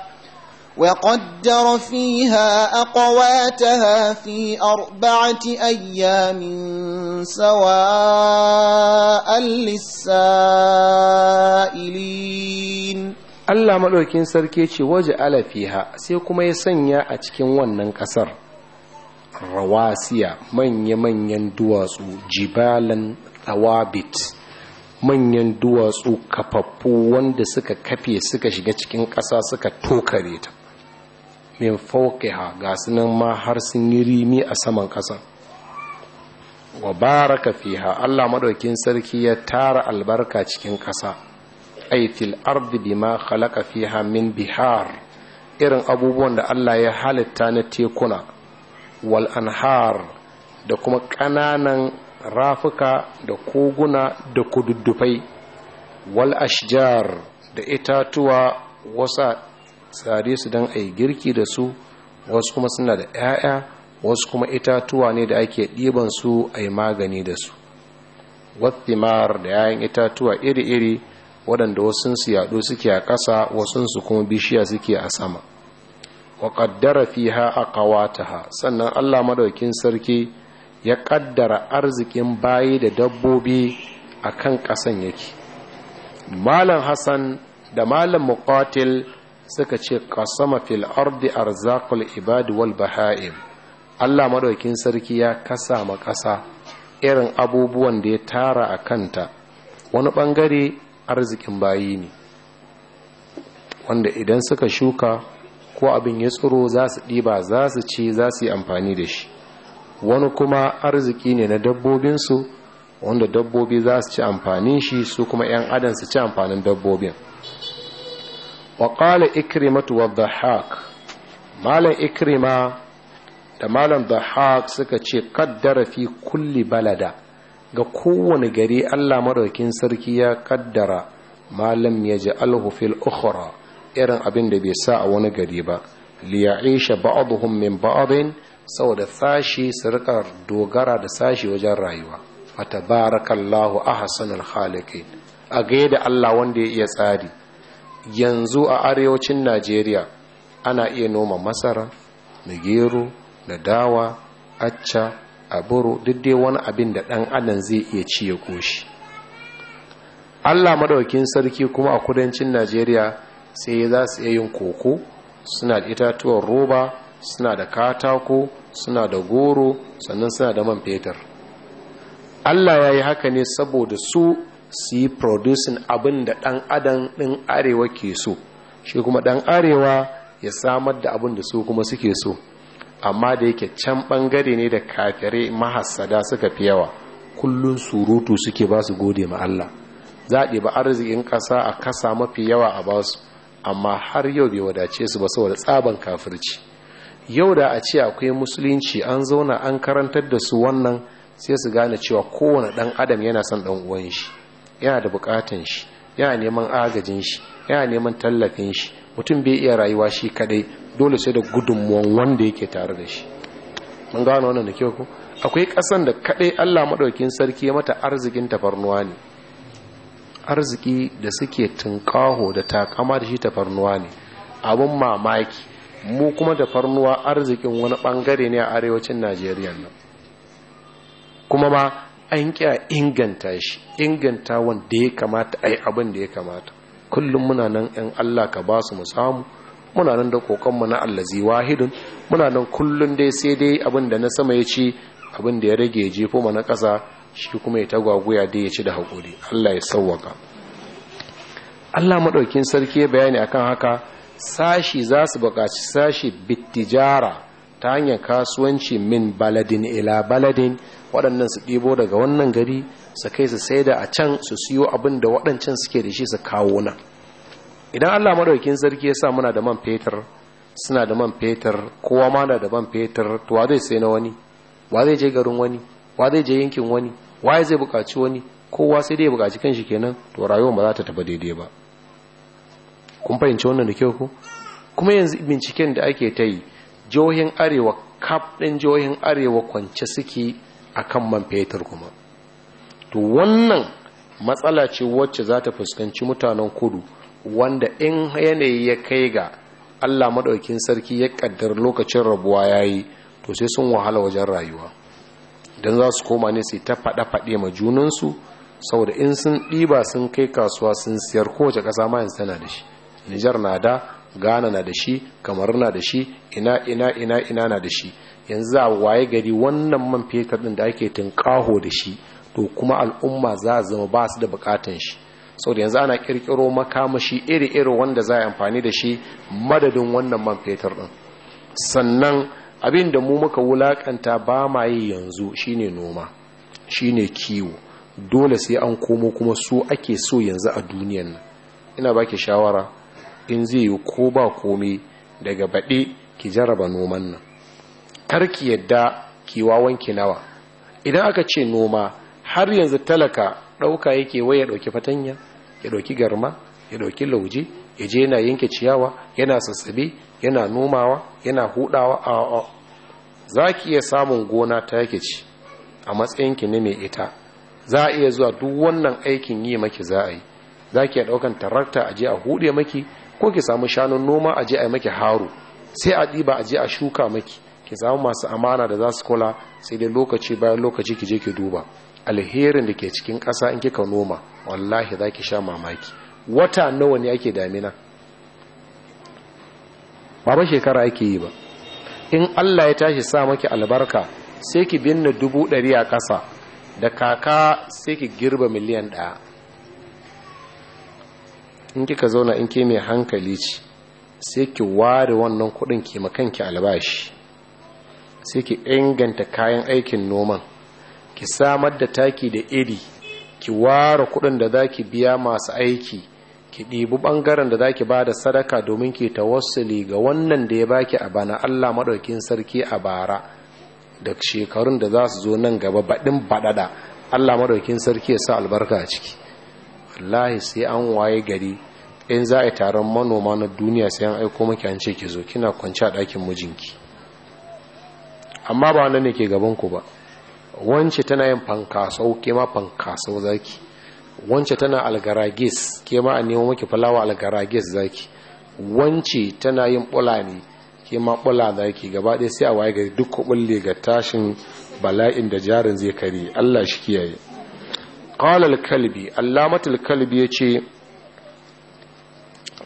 وقدر فيها أقواتها في أربعة أيام سواء للسائلين Allah maɗaukin sarki ce waje ala fiha sai kuma ya sanya a cikin wannan ƙasar rawasiya manya-manyan duwatsu jibalan tsawabit manyan duwatsu kafaffu wanda suka kafe suka shiga cikin ƙasa suka tokare ta min ha, ga sunan ma har sun yi rimi a saman ƙasa wa baraka fiha Allah madaukin sarki ya tara albarka cikin ƙasa ay fil ardi bima khalaqa fiha min bihar irin abubuwan da Allah ya halitta na tekuna wal anhar da kuma ƙananan rafuka da koguna da kududdufai wal ashjar da itatuwa wasa tsare su don a girki da su wasu kuma suna da 'ya'ya wasu kuma itatuwa ne da ake ɗiban su a yi magani da su wattimar da 'ya'yan itatuwa iri-iri waɗanda wasu wasunsu yaɗo suke a ƙasa wasu su kuma bishiya suke a sama wa a a aqwataha sannan Allah madaukin sarki ya ƙaddara arzikin bayi da dabbobi a akan kasan yake malam Hassan da malam muqatil suka ce qasama fil ardi arzaqul ibadu wal baha'im Allah madaukin sarki ya kasa ma ƙasa irin abubuwan da ya tara a kanta wani ɓangare arzikin bayi ne wanda idan suka shuka ko abin ya tsoro za su ɗiba za su ci za su yi amfani da shi wani kuma arziki ne na dabbobinsu wanda dabbobi za su ci amfanin shi su kuma 'yan adam su ci amfanin dabbobin waƙala ikrimatu wa dhahak malam ikrima da malam dhahak suka ce kaddara fi kulli balada ga kowane gari allah maraukin sarki ya kaddara malam ya ji alhufil ukhura irin abin da bai sa a wani gari ba liya'isha ba'aduhum min ba'dhin saboda sashi su dogara da sashi wajen rayuwa tabarakallahu ahsanul khaliqin a gaida Allah wanda ya iya tsari yanzu a arewacin Najeriya ana iya noma masara da gero da dawa acca Aburu duk dai wani abin da dan adam zai iya ci ya koshi Allah madaukin sarki kuma a kudancin Najeriya sai za su iya yin koko suna da itatuwan roba suna da katako suna da goro sannan suna da man fetur allah ya yi haka ne saboda su su yi producing abin da ɗan adam ɗin arewa ke so shi kuma ɗan arewa ya samar da abin da su kuma suke so amma da yake can bangare ne da kafirai mahassada suka fi yawa kullun surutu suke ba su gode ma Allah Za a ba arzikin ƙasa a kasa mafi yawa a ba su amma har yau bai wadace su ba saboda tsaban kafirci yau da a ce akwai musulunci an zauna an karantar da su wannan sai su gane cewa kowane ɗan adam yana son ɗan uwan shi yana da bukatun shi yana neman agajin shi yana neman tallafin shi mutum bai iya rayuwa shi kadai dole sai da gudunmuwan wanda yake tare da shi mun gano wannan da kyau ko akwai ƙasan da kadai Allah madaukin sarki ya mata arzikin tafarnuwa ne arziki da suke tunƙaho da takama da shi tafarnuwa ne abin mamaki mu kuma tafarnuwa arzikin wani bangare ne a arewacin najeriya nan kuma ma an kya inganta shi inganta wanda ya kamata ai abin da ya kamata kullum muna nan yan allah ka ba su mu samu muna nan da kokonmu na allazi wahidun muna nan kullum dai sai dai abin da na sama ya ci abin da ya rage jefo mana ƙasa shi kuma ya tagwaguya da ya ci da haƙuri Allah ya sauwaka Allah maɗaukin sarki ya bayani akan haka sashi za su buƙaci sashi bittijara ta hanyar kasuwanci min baladin ila baladin waɗannan su ɗibo daga wannan gari su kai su sai da a can su siyo abin da waɗancan suke da shi su kawo na? idan Allah maɗaukin sarki ya sa muna da man fetur suna da man fetur kowa ma na da man fetur to wa zai sai na wani wa zai je garin wani wa zai je yankin wani waye zai buƙaci wani kowa sai dai ya buƙaci shi kenan to rayuwar ba za ta tafi daidai ba kun fahimci wannan da kyau ko kuma yanzu binciken da ake ta yi jihohin arewa kaf ɗin jihohin arewa kwance suke akan kan man fetur kuma to wannan matsala ce wacce za ta fuskanci mutanen kudu wanda in yanayi ya kai ga allah maɗaukin sarki ya ƙaddar lokacin rabuwa ya yi to sai sun wahala wajen rayuwa don za su koma ne su ta faɗe faɗe ma junansu saboda in sun ɗiba sun kai kasuwa sun siyar kowace ƙasa ma yanzu tana da shi nijar na da ghana na da shi kamar na da shi ina ina ina ina na da shi yanzu a waye gari wannan man fetur ɗin da ake tunƙaho da shi to kuma al'umma za a zama ba su da buƙatan shi saboda yanzu ana ƙirƙiro makamashi iri-iri wanda za a yi amfani da shi madadin wannan man fetur ɗin sannan abin da mu muka wulakanta ba ma yi yanzu shine noma shine kiwo dole sai an komo kuma so ake so yanzu a duniyan nan ina baki shawara in zai yi ko ba komai daga baɗe ki jaraba noman nan kar ki yadda ki wawan ki nawa idan aka ce noma har yanzu talaka ɗauka yake waya ɗauki fatanya ya ɗauki garma ya ɗauki lauje ya je yana yanke ciyawa yana sassabe yana nomawa yana hudawa a za ki iya samun gona ta yake ci a matsayinki ne mai ita za a iya zuwa duk wannan aikin yi maki za a yi za ki iya ɗaukan tarakta a je a hude maki ko ki samu shanun noma a je a maki haru sai a ɗiba a je a shuka maki ki samu masu amana da za su kula sai dai lokaci bayan lokaci ki je ki duba alherin da ke cikin ƙasa in kika noma wallahi za ki sha mamaki wata nawa ne ake damina ba ba shekara ake yi ba in Allah ya tashi sa maki albarka sai ki binne dubu ɗari a ƙasa da kaka sai ki girba miliyan ɗaya in kika zauna in ke mai hankali ci sai ki ware wannan kuɗin ke makanki albashi sai ki inganta kayan aikin noman ki samar da taki da iri ki ware kuɗin da za ki biya masu aiki ki ɗibi ɓangaren da za ki ba da sadaka domin ki tawassuli ga wannan da ya baki a bana allah maɗaukin sarki a bara da shekarun da za su zo nan gaba baɗin baɗaɗa allah maɗaukin sarki ya sa albarka a ciki wallahi sai an waye gari in za a taron manoma na duniya sai an aiko maki an ce ki zo kina kwanci a ɗakin mijinki amma ba wannan ne ke gabanku ba wance tana yin fankasau ke ma fankasau zaki wance tana algaragis ke ma a nemo maki fulawa algaragis zaki wance tana yin bula ne ke ma bula zaki gaba ɗaya sai a waye ga duk kubulle ga tashin bala'in da jarin zai kare Allah shi kiyaye qala kalbi allamatul kalbi yace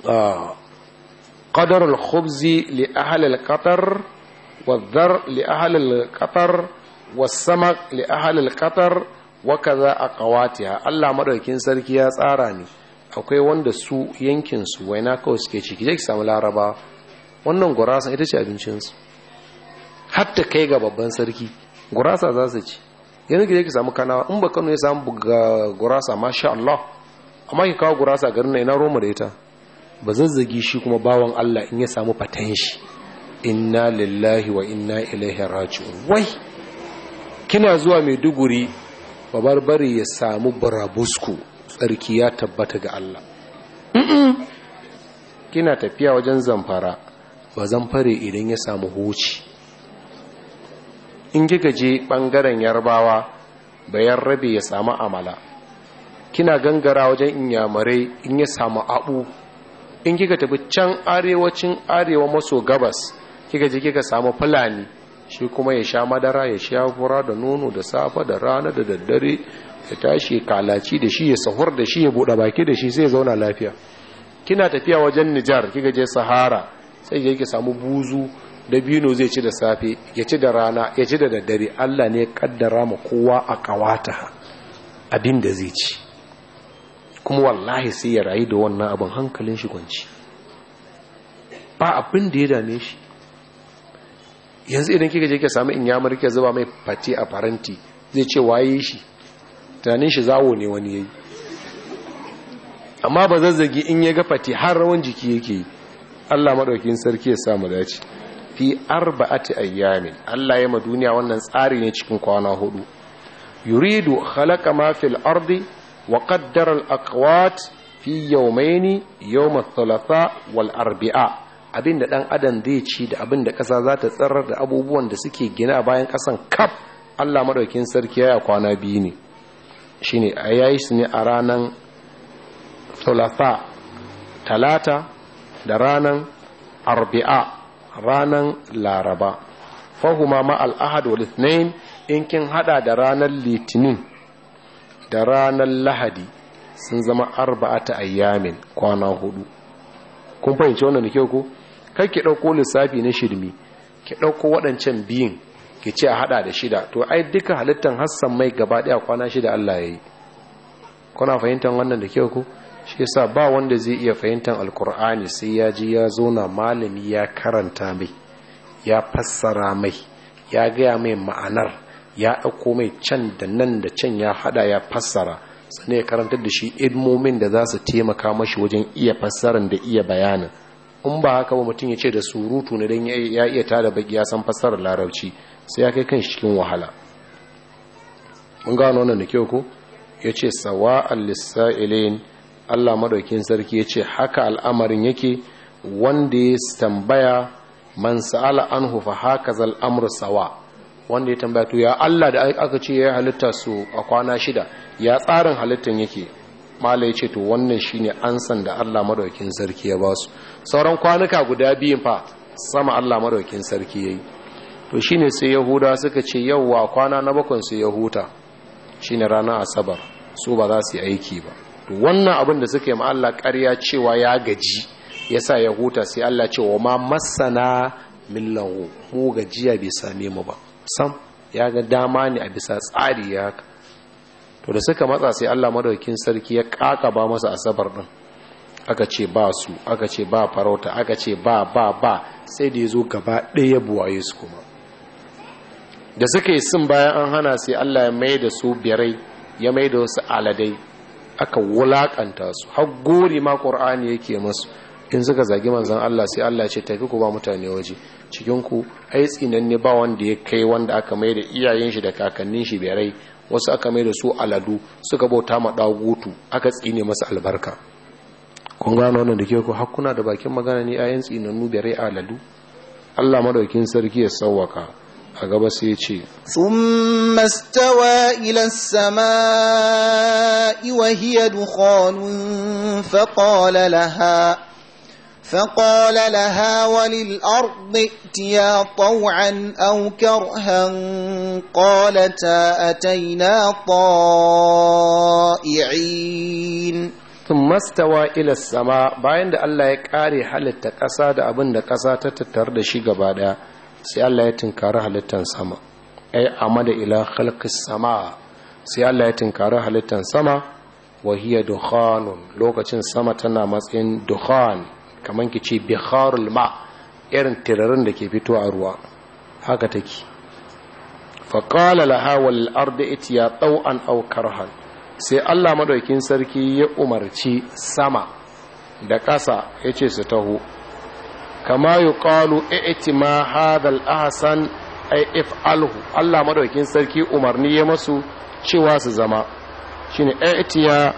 ah, qadar al-khubzi li a al-qatar wa dhar li a al-qatar wa samak li a qatar waka za a kawatiya allah maɗaukin sarki ya tsara ne akwai wanda su yankinsu waina kawai suke ciki zai samu laraba wannan gurasa ita ce abincinsu hatta kai ga babban sarki gurasa za su ci yanzu ki zai samu kanawa in ba kano ya samu gurasa masha allah amma ki kawo gurasa garin na ina roma da ita ba zazzagi shi kuma bawan allah in ya samu fatan shi inna lillahi wa inna ilaihi raji'un wai kina zuwa maiduguri bari ya samu barabusku tsarki ya tabbata ga Allah kina tafiya wajen zamfara ba zamfare idan ya samu huci in kika je bangaren yarbawa bayan rabe ya samu amala kina gangara wajen inyamurai in ya samu abu in kika tafi can arewacin arewa maso gabas kika je kika samu fulani shi kuma ya sha madara ya sha fura da nono da safa da rana da daddare ya tashi kalaci da shi ya sahur da shi ya buɗe baki da shi sai zauna lafiya kina tafiya wajen Nijar kika je Sahara sai ya ki samu buzu da bino zai ci da safe ya ci da rana ya ci da daddare Allah ne ya kaddara ma kowa a kawata abin da zai ci kuma wallahi sai ya rayu da wannan abin hankalin shi kwanci ba abin da ya dame shi yanzu idan kika je ka samu in yamar zuba mai fate a faranti zai ce waye shi tunanin shi zawo ne wani yayi amma ba zazzagi in ya ga fate har rawan jiki yake yi Allah madaukakin sarki ya samu dace fi arba'ati ayyamin Allah ya ma duniya wannan tsari ne cikin kwana hudu yuridu khalaqa ma fil ardi wa qaddara al aqwat fi yawmayni yawm al thalatha wal arbi'a abin da ɗan adam zai ci da abin da ƙasa za ta tsarar da abubuwan da suke gina bayan ƙasan kaf allah maɗaukin sarki ya kwana biyu ne shi ne a yayi su ne a ranar talata da ranar arbi'a ranar laraba fahuma ma al'ahad wa litinin in kin hada da ranar litinin da ranar lahadi sun zama arba'a ta ayyamin kwana hudu kun fahimci wannan da kyau ko kar ki ɗauko lissafi na shirmi ki ɗauko waɗancan biyun ki ce a haɗa da shida to ai duka halittar hassan mai gaba ɗaya kwana shida Allah ya yi kuna fahimtar wannan da kyau ku shi yasa ba wanda zai iya fahimtar alkur'ani sai ya ji ya zo na malami ya karanta mai ya fassara mai ya gaya mai ma'anar ya ɗauko mai can da nan da can ya haɗa ya fassara sannan ya karantar da shi ilmomin da za su taimaka mashi wajen iya fassarar da iya bayanin in ba haka ba mutum ya ce da surutu ne don ya iya tada baki ya san fassarar larabci sai ya kai kan cikin wahala mun gano wannan da kyau ko ya ce sawa alisa Allah madaukin sarki ya ce haka al'amarin yake wanda ya tambaya man sa'ala an hufa haka zal sawa wanda ya tambaya to ya Allah da aka ce ya halitta su a kwana shida ya tsarin halittan yake mala ya ce to wannan shi an ansan da Allah madaukin sarki ya ba su sauran kwanuka guda biyun fa sama Allah madaukin sarki ya yi to shi ne sai yahuda suka ce yauwa kwana na bakon su yahuta shine ranar asabar su ba za su yi aiki ba to wannan abin da suka yi ma Allah karya cewa ya gaji ya ya yahuta sai Allah ce wa ma masana min mu gajiya bai same mu ba sam ya ga dama ne a bisa tsari ya haka to da suka matsa sai Allah madaukin sarki ya kakaba masa asabar din aka ce ba su aka ce ba farauta aka ce ba ba ba sai da yazo gaba ɗaya buwaye su kuma da suka yi sun bayan an hana sai Allah ya mai da su birai ya mai da wasu aladai aka wulakanta su har gori ma qur'ani yake masu in suka zagi manzan Allah sai Allah ce tafi ku ba mutane waje cikin ku ai tsinan ba wanda ya kai wanda aka mai da iyayen shi da kakannin shi birai wasu aka mai da su aladu suka bauta ma dagutu aka tsine masa albarka kun gano wannan da ke ku hakuna da bakin magana ne ayan tsinannu da rai aladu Allah madaukin sarki ya sauwaka a gaba sai ya ce thumma stawa ila as-samaa'i wa hiya dukhanun qala laha فقال لها وللأرض ائتيا طوعا أو كرها قالتا أتينا طائعين ثم استوى إلى السماء باين دا الله يكاري حالتا قصا دا أبن دا قصا تتتر دا شي غبا دا سي الله يتنكار حالتا سما أي أمد إلى خلق السماء سي الله يتنكار حالتا سما وهي دخان لوكا تنسما تنا مسئن دخان kamar ki ce bikharul ma irin tirarin da ke fito a ruwa haka take faƙala laha wal arda itiya tau'an aw karhan sai Allah madaukin sarki ya umarci sama da ƙasa yace su taho kama yuqalu i'tima hadal ahsan ay if'alhu Allah madaukin sarki umarni ya masu cewa su zama shine i'tiya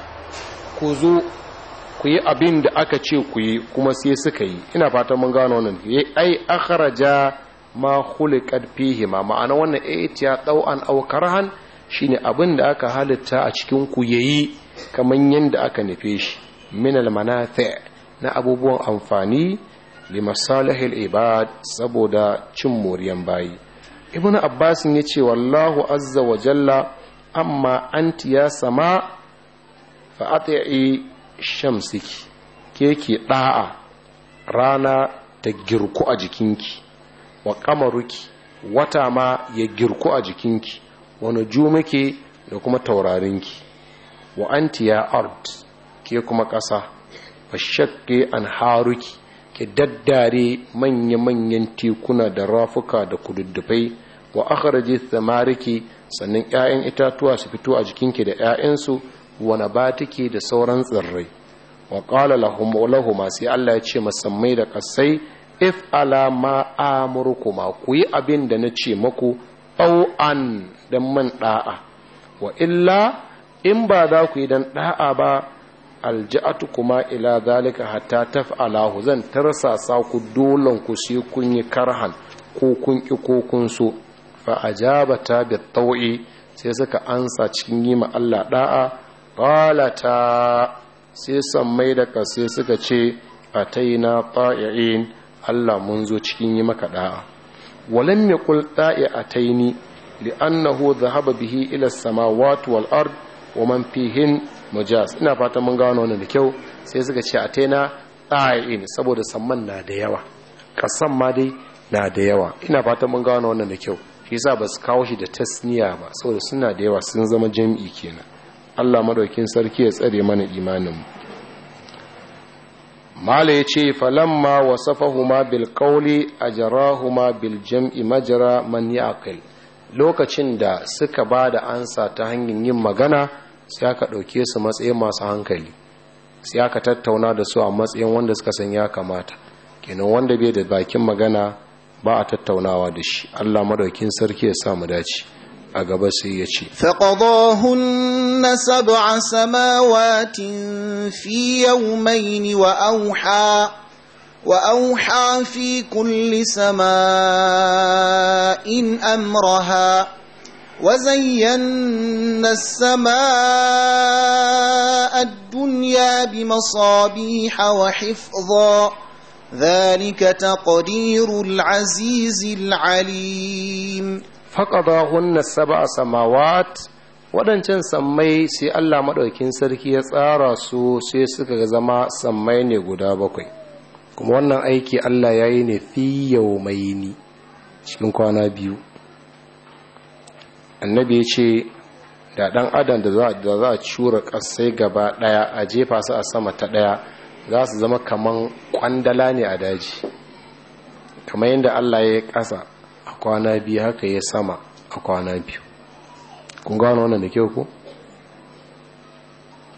kuzu ku yi abin da aka ce ku yi kuma sai suka yi ina fatan mun gano nan ya ai akharaja ma khuliqat fihi ma ma'ana wannan ayatiya eh, dau'an aw karhan shine abin da aka halitta a cikin ku yayi kaman yanda aka nufe shi min al na abubuwan amfani li masalihil ibad saboda cin moriyan bayi ibnu abbas ya ce wallahu azza wa jalla amma anti ya sama fa shamsiki ke ke ɗa'a rana ta girku a jikinki wa kamaruki wata ma ya girku a jikinki wani ke da kuma taurarinki wa an ya ard ke kuma ƙasa ba shakke an haruki ke daddare manya-manyan tekuna da rafuka da kududdufai wa akharaji samariki sannan 'ya'yan itatuwa su fito a jikinki da 'ya'yansu wani ba take da sauran tsirrai wa ƙala lahumma sai Allah ya ce masammai da ƙasai if ala ma ku yi abin da na ce maku au an don man ɗa'a wa illa in ba za ku yi don ɗa'a ba alji'atu kuma ila zalika hatta alahu. zan tarsasa ku dolan ku sai kun yi karhan ko kun ki ko kun so fa ajabata bi tau'i sai suka ansa cikin yi ma Allah da'a qalata sai sammai da kase suka ce ataina ta'i'in Allah mun zo cikin yi maka da'a walam yaqul ataini li'annahu dhahaba bihi ila as-samawati wal ard wa man fihin mujaz ina fata mun gano wannan da kyau sai suka ce ataina ta'i'in saboda samman na da yawa kasan ma dai na da yawa ina fata mun gano wannan da kyau shi yasa ba su kawo shi da tasniya ba saboda suna da yawa sun zama jami'i kenan Allah madaukin sarki ya tsare mana imanin mala yace falamma wasafahuma bil qawli ajrahuma bil jam'i majra man yaqil lokacin da suka bada ansa ta hanyar yin magana sai aka dauke su matsayin masu hankali sai aka tattauna da su a matsayin wanda suka san ya kamata kenan wanda bai da bakin magana ba a tattaunawa da shi Allah madaukin sarki ya sa mu dace فقضاهن سبع سماوات في يومين وأوحى وأوحى في كل سماء أمرها وزينا السماء الدنيا بمصابيح وحفظا ذلك تقدير العزيز العليم faƙadahunna sab'a a samawat waɗancan sammai sai Allah maɗaukin sarki ya tsara su sai suka zama sammai ne guda bakwai kuma wannan aiki Allah ya yi ne fi ni cikin kwana biyu annabi ya ce da ɗan adam da za a cura ƙasai gaba ɗaya a jefa su a sama ta ɗaya za su zama kaman ƙwandala ne a daji kamar yadda Allah ya yi ƙasa kwana biyu haka ya sama a kwana biyu kun gano wannan da kyau ku?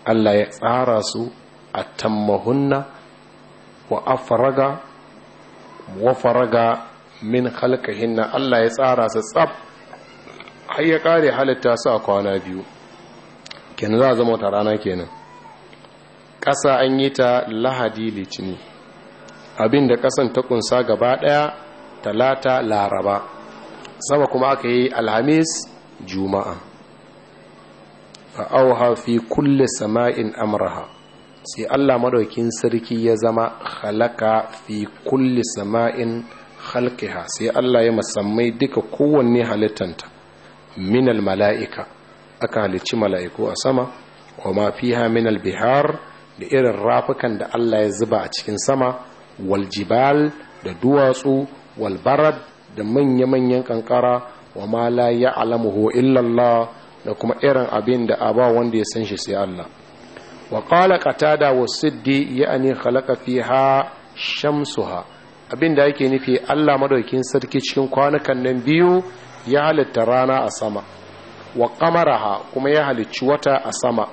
Allah ya tsara su a tammahunna wa afraga wa faraga min halkahinna Allah ya tsara su tsab har ya kare halitta su a kwana biyu kenan za a zama wata rana kenan ƙasa an yi ta lahadi litini abinda ƙasan ta kunsa gaba ɗaya talata laraba sama kuma aka yi alhamis juma'a fa'auha fi kulle sama'in amraha sai Allah madaukin sarki ya zama halaka fi kulle sama'in halkiha sai Allah ya musammai duka kowanne halittanta minal mala'ika aka halicci mala'iku a sama Kuma fiha minal bihar da irin rafukan da Allah ya zuba a cikin sama waljibal da duwatsu walbarad da manya-manyan kankara wa ma la alamu illa Allah da kuma irin abin da a ba wanda ya san shi sai Allah wa qala qatada wa siddi ya'ni khalaqa fiha shamsuha abin da yake nufi Allah madaukin sarki cikin kwanukan nan biyu ya halitta rana a sama wa qamaraha kuma ya halicci wata a sama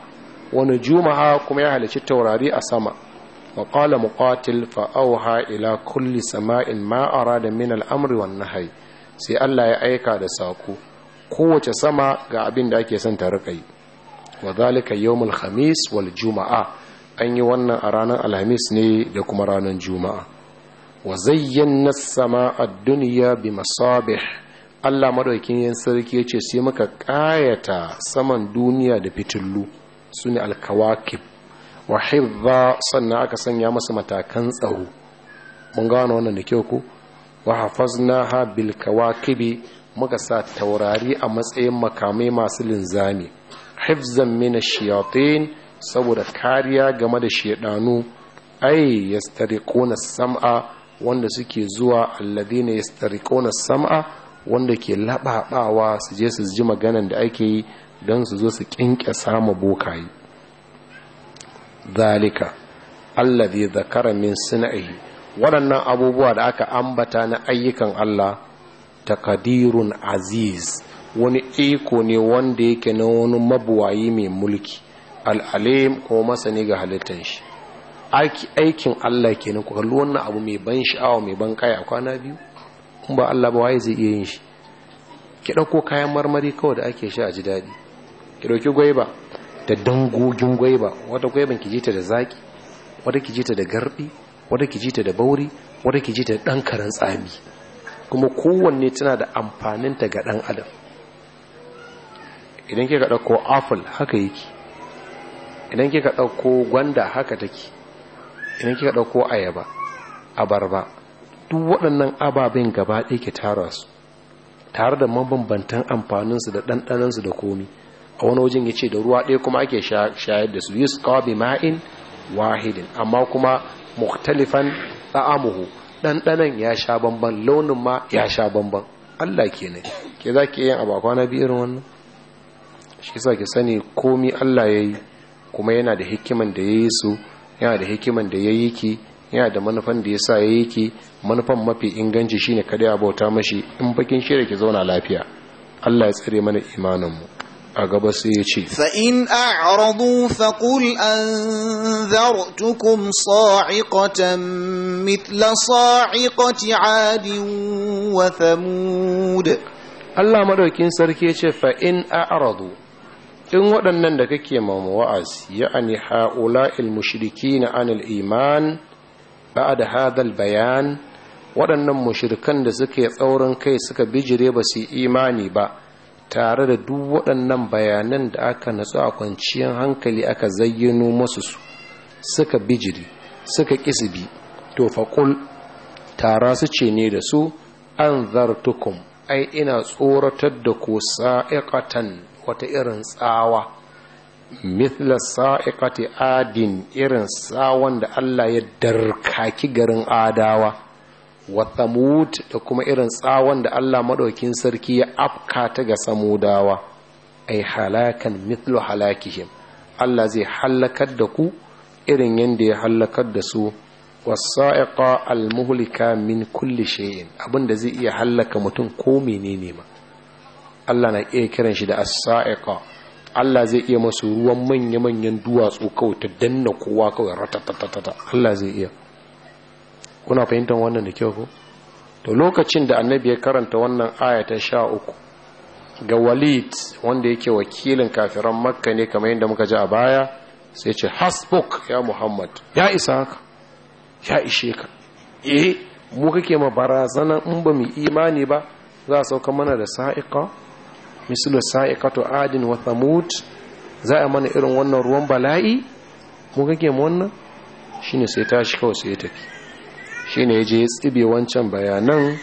wa nujumaha kuma ya halicci taurari a sama وقال مقاتل فأوها إلى كل سماء ما أراد من الأمر والنهي sai Allah ya aika da sako kowace sama ga abin da ake son ta riƙa Wazalika wa zalika yawmul khamis wal an yi wannan a ranar alhamis ne da kuma ranar juma'a wa zayyana sama ad-dunya bi masabih Allah maɗaukin yan sarki yace sai muka ƙayata saman duniya da fitillu sune al-kawakib wa hirza sannan aka sanya masa matakan tsaro mun gano wannan da kyau ku wa ha bil kawakibi muka sa taurari a matsayin makamai masu linzami hifzan min ash-shayatin saboda kariya game da shedanu ay yastariquna sam'a wanda suke zuwa alladhina yastariquna sam'a wanda ke lababawa su je su ji maganan da ake yi don su zo su kinke samu bokayi. zalika allazi zakara min sina'ihi waɗannan abubuwa da aka ambata na ayyukan Allah takadirun aziz wani iko ne wanda yake na wani mabuwayi mai mulki al'alim ko masani ga halittar shi aikin Allah ke nan kalli wannan abu mai ban sha'awa mai ban kaya kwana biyu in ba Allah ba waye zai iya yin shi ki ɗauko kayan marmari kawai da ake sha a ji daɗi ki ɗauki gwaiba da dangogin gwaiba wata gwaiban ki jita da zaki wata ki jita da garbi wata ki jita da bauri wata ki jita da dan karan tsami kuma kowanne tana da amfanin ta ga dan adam idan kika dauko apple haka yake idan kika dauko gwanda haka take idan kika dauko ayaba abarba duk waɗannan ababen gaba ɗaya ki tara su tare da mabambantan amfaninsu da ɗanɗanansu da komi a wani wajen ya ce da ruwa ɗaya kuma ake shayar da su yusqa bi ma'in wahidin amma kuma muktalifan ta'amuhu ɗanɗanan ya sha bamban launin ma ya sha bamban Allah kenan ke za ki yin abakwa na biyar wannan shi sa ki sani komi Allah ya yi kuma yana da hikiman da ya yi su yana da hikiman da ya yi ki yana da manufan da ya sa ya yi ki manufan mafi inganci shine kada ya bauta mashi in bakin da ki zauna lafiya Allah ya tsare mana imaninmu a gaba sai ya ce fa'in a aradu faƙul an zartukum sa'iƙatan mitla sa'iƙati adin wata muda. Allah maɗaukin sarki ce fa'in a aradu in waɗannan da kake mamu wa'az ya'ani ha'ula ilmushiriki na anil iman ba'a da hadal bayan waɗannan mushirikan da suke tsaurin kai suka bijire ba su imani ba tare da duk waɗannan bayanan da aka natsu a kwanciyar hankali aka zayyano masu su suka bijiri suka kisibi to faƙul tara su ce ne da su an zartukum ai ina tsoratar da ku sa'iƙatan wata irin tsawa mithla sa'iƙati adin irin tsawon da Allah ya darkaki garin adawa wa da kuma irin tsawon da Allah maɗaukin sarki ya afka ta ga samudawa ai halakan mithlu halakihim Allah zai halakar da ku irin yadda ya halakar da su wasa'iqa almuhlika min kulli shay'in abinda zai iya halaka mutum ko menene ma Allah na iya kiran shi da as-sa'iqa Allah zai iya masu ruwan manya-manyan duwatsu kawai ta danna kowa kawai ratatatata Allah zai iya kuna fahimtar wannan da kyau ko to lokacin da annabi ya karanta wannan aya ta sha uku ga walid wanda yake wakilin kafiran makka ne kamar yadda muka ji a baya sai ce hasbuk ya muhammad ya isa haka ya ishe ka eh mu kake ma barazana in ba mu imani ba za a sauka mana da sa'iqa mislu sa'iqatu adin wa thamud za a mana irin wannan ruwan bala'i mu kake ma wannan shine sai tashi kawai sai ya tafi shine ya je ya tsibe wancan bayanan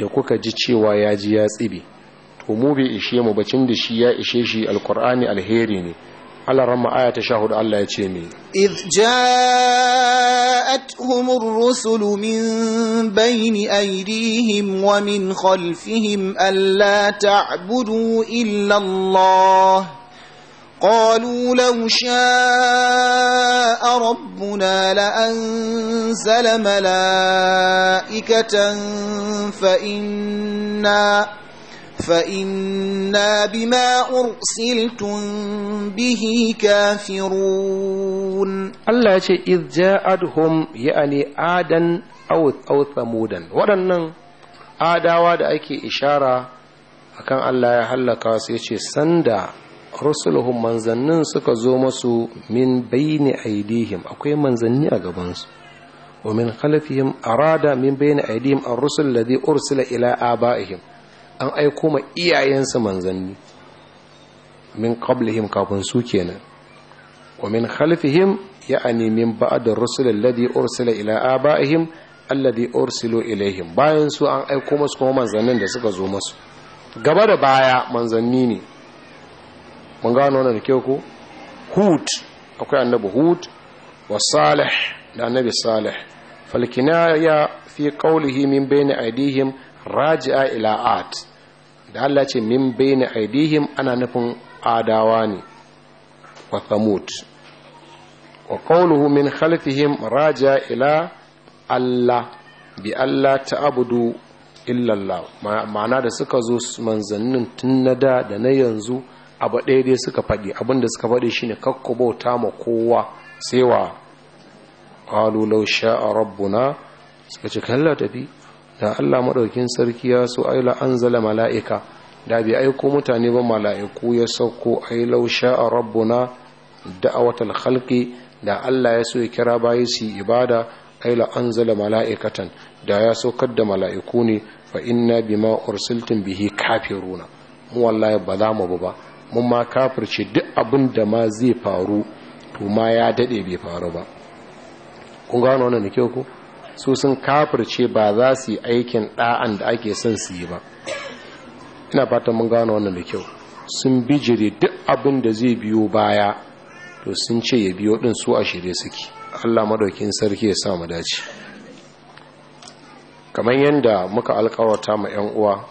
da kuka ji cewa ya ji ya tsibe to mu bai ishe mu bacin da shi ya ishe shi alkur'ani alheri ne Allah ramma aya ta sha hudu Allah ya ce ne iz ja'atuhum ar-rusulu min bayni aydihim wa min khalfihim alla ta'budu illa Allah قالوا لو شاء ربنا لأنزل ملائكة فإنا فإنا بما أرسلتم به كافرون الله يقول إذ جاءتهم يعني آدا أو أو ثمودا ودنن آداوا da ake ishara akan Allah ya hallaka su yace sanda rusuluhum manzannin suka zo masu min bayni aidihim akwai manzanni a gabansu wa min khalfihim arada min bayni aidihim ar-rusul ladhi ursila ila abaihim an aiko ma iyayensu manzanni min qablihim kafin su kenan wa min khalfihim ya'ani min ba'd ar-rusul alladhi ursila ila abaihim alladhi ursilu ilaihim bayan su an aiko masu kuma manzannin da suka zo masu gaba da baya manzanni ne mun gano wannan da kyau ko hud akwai annabi hud wa salih da annabi salih ya fi qawlihi min bayni aidihim raji'a ila ad da Allah ce min bayni aidihim ana nufin adawa ne wa thamud wa qawluhu min khalfihim raji'a ila Allah bi Allah ta'budu illallah ma'ana da suka zo manzannin tun na da da na yanzu abu ɗaya dai suka faɗi abinda suka faɗi shine kakku bauta ma kowa sai wa qalu sha'a rabbuna suka ce kalla tafi da Allah maɗaukin sarki ya so aila zala malaika da bi aiko mutane ba malaiku ya sauko ai law sha'a rabbuna watan halki da Allah ya so ya kira bayi su ibada ai an zala malaikatan da ya saukar da malaiku ne fa inna bima ursiltum bihi kafiruna mu wallahi ba za mu ba mun ma kafirce duk abin da ma zai faru to ma ya dade bai faru ba kun gano wannan da kyau ko su sun kafirce ba za su yi aikin ɗa'an da ake son su yi ba ina fatan mun gano wannan da kyau sun bijire duk abin da zai biyo baya to sun ce ya biyo din su a shirye suke allah maɗaukin sarki ya sa mu dace kamar yadda muka alƙawarta ma 'yan uwa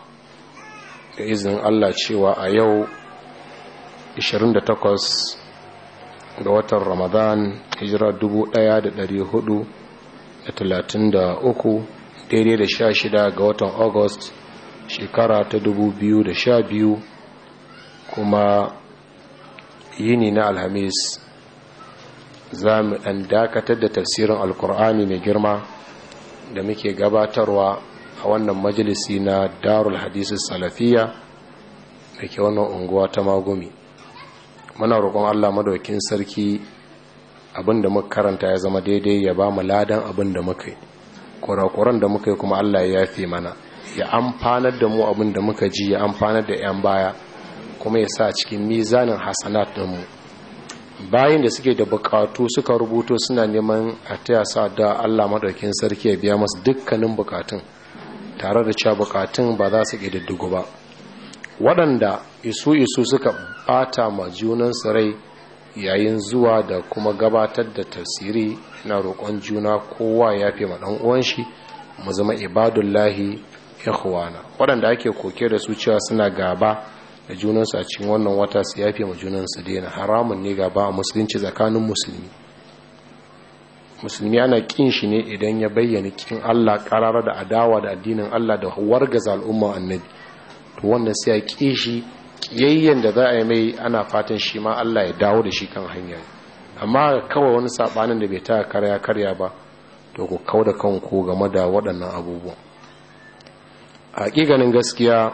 da izinin allah cewa a yau 28 ga watan ramadan hijira 1433 daidai da 16 ga watan august shekara ta dubu biyu da sha biyu kuma yini na alhamis za mu ɗan dakatar da tafsirin alkur'ani mai girma da muke gabatarwa a wannan majalisi na darul hadisun salafiya da ke wannan unguwa ta magumi muna roƙon Allah madaukin sarki abinda muka karanta ya zama daidai ya ba mu ladan abinda muka yi kurakuran da muka yi kuma Allah ya yafe mana ya amfanar da mu abinda muka ji ya amfanar da yan baya kuma ya sa cikin mizanin hasanat da mu bayan da suke da bukatu suka rubuto suna neman a taya sa da Allah madaukin sarki ya biya masu dukkanin bukatun tare da cewa bukatun ba za su ƙididdigu ba waɗanda isu isu suka bata ma junansu rai yayin zuwa da kuma gabatar da tasiri na roƙon juna kowa ya fi ma ɗan uwan shi mu zama ibadullahi huwana. waɗanda ake koke da su cewa suna gaba da junansu a cikin wannan wata su ya fi ma junansu daina haramun ne gaba a musulunci tsakanin musulmi musulmi ana ƙin shi ne idan ya bayyana kin Allah karara da adawa da addinin Allah da wargaza al'umma annabi to wannan sai a ƙi shi ƙiyayyen da za a yi mai ana fatan shi ma Allah ya dawo da shi kan hanya amma kawai wani saɓanin da bai ta karya karya ba to ku kau da kanku game da waɗannan abubuwan a ƙiganin gaskiya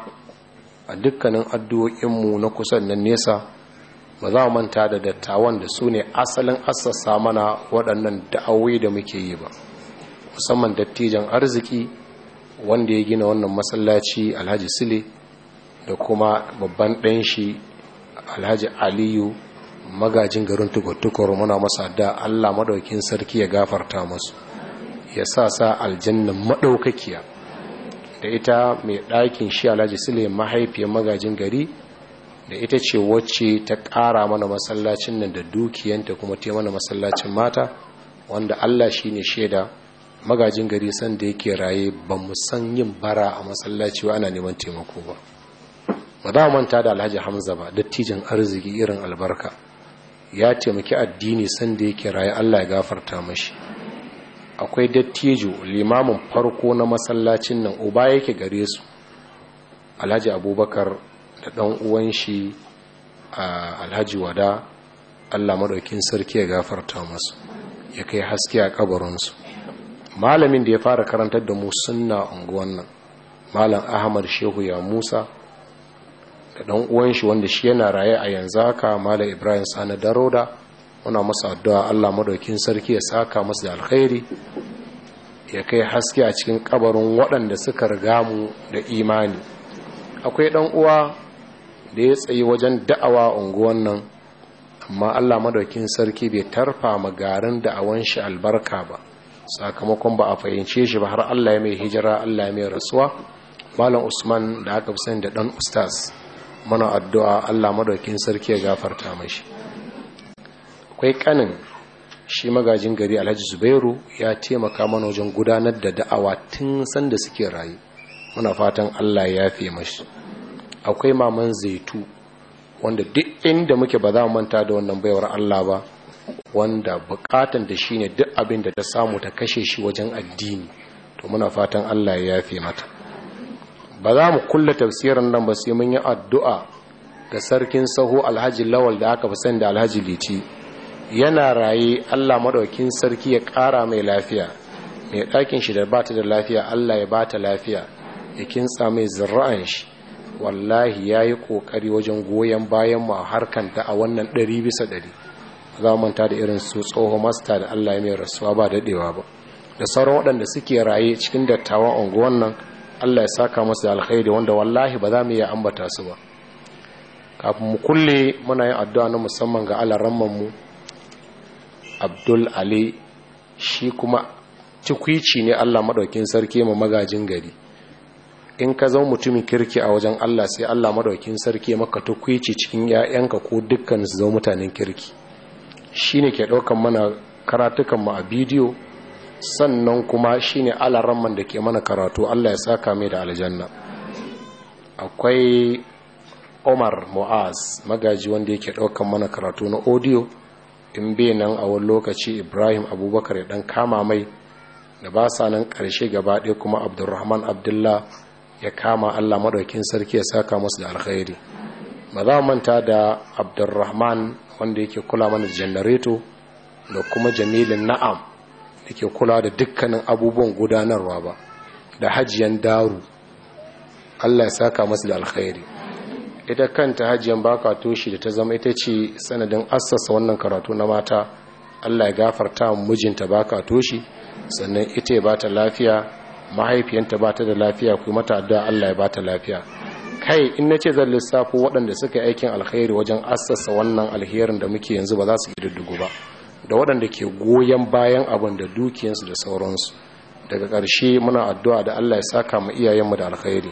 a dukkanin addu'o'inmu na kusan nan nesa ba za mu manta da dattawan da su ne asalin assasa mana waɗannan da'awai da muke yi ba musamman dattijan arziki wanda ya gina wannan masallaci alhaji sile da kuma babban ɗan shi alhaji aliyu magajin garin tukur muna masa da allah maɗaukin sarki ya gafarta masu ya sa sa aljanna maɗaukakiya da ita mai ɗakin shi alhaji sule mahaifiyar magajin gari da ita ce wacce ta ƙara mana masallacin nan da dukiyanta kuma ta mana masallacin mata wanda allah shi ne shaida magajin gari sanda yake raye ba mu san yin bara a masallaci ana neman taimako ba ba za manta da alhaji hamza ba dattijin arziki irin albarka ya taimaki addini sanda yake raye allah ya gafarta mashi akwai dattijo limamin farko na masallacin nan uba yake gare su alhaji abubakar da ɗan uwan shi a alhaji wada allah maɗaukin sarki ya gafarta masu ya kai haske a kabarinsu malamin da ya fara karantar da mu sunna unguwan nan malam ahmad shehu ya musa da ɗan uwan shi wanda shi yana raye a yanzu haka mala ibrahim sani daroda muna masu addu'a allah madaukin sarki ya saka masu da alkhairi ya kai haske a cikin kabarin waɗanda suka riga mu da imani akwai ɗan uwa da ya tsayi wajen da'awa unguwan nan amma allah madaukin sarki bai tarfa magarin da'awan shi albarka ba sakamakon ba a fahimce shi ba har allah ya mai hijira allah ya mai rasuwa malam usman da aka fi sani da ɗan ustaz muna addu'a Allah madaukin sarki ya gafarta mashi akwai kanin shi magajin gari Alhaji Zubairu ya taimaka mana wajen gudanar da da'awa tun sanda suke rayu muna fatan Allah ya yafe mashi akwai maman zaitu wanda duk inda muke ba za mu manta da wannan baiwar Allah ba wanda bukatan da shi ne duk abin da ta samu ta kashe shi wajen addini to muna fatan Allah ya yafe mata ba za mu kulle tafsirin nan ba sai mun yi addu'a ga sarkin saho alhaji lawal da aka fi san da alhaji Liti. yana raye allah maɗaukin sarki ya ƙara mai lafiya mai ɗakin shi da ba ta da lafiya allah ya ba ta lafiya ya kintsa mai zira'an shi wallahi ya yi ƙoƙari wajen goyon bayan ma harkanta a wannan ɗari bisa ɗari za manta da irin su tsoho masta da allah ya mai rasuwa ba daɗewa ba da sauran waɗanda suke raye cikin dattawan unguwan nan Allah ya saka masu da alkhairi wanda wallahi ba za mu iya ambata su ba kafin mu kulle muna yin addu'a na musamman ga alaramman mu Abdul Ali shi kuma Tukwici ne Allah madaukin sarki ma magajin gari in ka zama mutumin kirki a wajen Allah sai Allah madaukin sarki maka tukwici cikin 'ya'yanka ko dukkan su zama mutanen kirki shine ke ɗaukan mana karatukan mu a bidiyo sannan kuma shine man da ke mana karatu Allah ya saka mai da aljanna akwai Omar Mu'az magaji wanda yake daukan mana karatu na audio in be nan a wani lokaci Ibrahim Abubakar ya dan kama mai da ba sa nan karshe gaba ɗaya kuma Abdulrahman Abdullah ya kama Allah madaukin sarki ya saka musu da alkhairi ba za manta da Abdulrahman wanda yake kula mana janareto da kuma Jamilin Na'am ke kula da dukkanin abubuwan gudanarwa ba da hajiyan daru Allah ya saka masu da alkhairi ita kanta hajiyan baka toshi da ta zama ita ce sanadin assasa wannan karatu na mata Allah ya gafarta mijinta baka toshi sannan ita ya bata lafiya mahaifiyanta ta da lafiya kuma mata addu'a Allah ya ba ta lafiya kai in na ce zan lissafo waɗanda suka yi aikin alkhairi wajen assasa wannan alherin da muke yanzu ba za su yi duddugu ba da waɗanda ke goyon bayan abin da dukiyansu da sauransu daga ƙarshe muna addu'a da Allah ya saka mu iyayenmu da alkhairi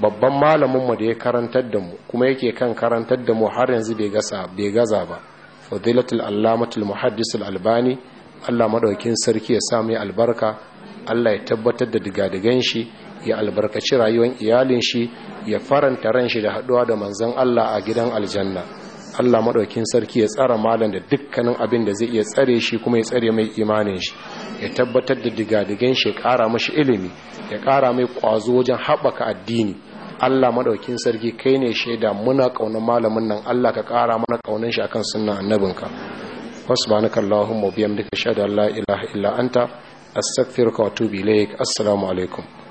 babban malaminmu da ya karantar da mu kuma yake kan karantar da mu har yanzu bai gaza ba fadilatul allamatul muhaddisul albani Allah maɗaukin sarki ya sa ya albarka Allah ya tabbatar da digadigan shi ya albarkaci rayuwar iyalin shi ya faranta ran shi da haɗuwa da manzon Allah a gidan aljanna Allah maɗaukin sarki ya tsara malam da dukkanin abin da zai iya tsare shi kuma ya tsare mai imanin shi ya tabbatar da digadigan shi ya ƙara mashi ilimi ya ƙara mai ƙwazo wajen haɓaka addini Allah maɗaukin sarki kai ne shaida muna kaunar malamin nan Allah ka ƙara mana kaunan shi akan sunnan annabinka subhanaka Allahumma biyamdika shada la ilaha illa anta astaghfiruka wa atubu ilaik assalamu alaikum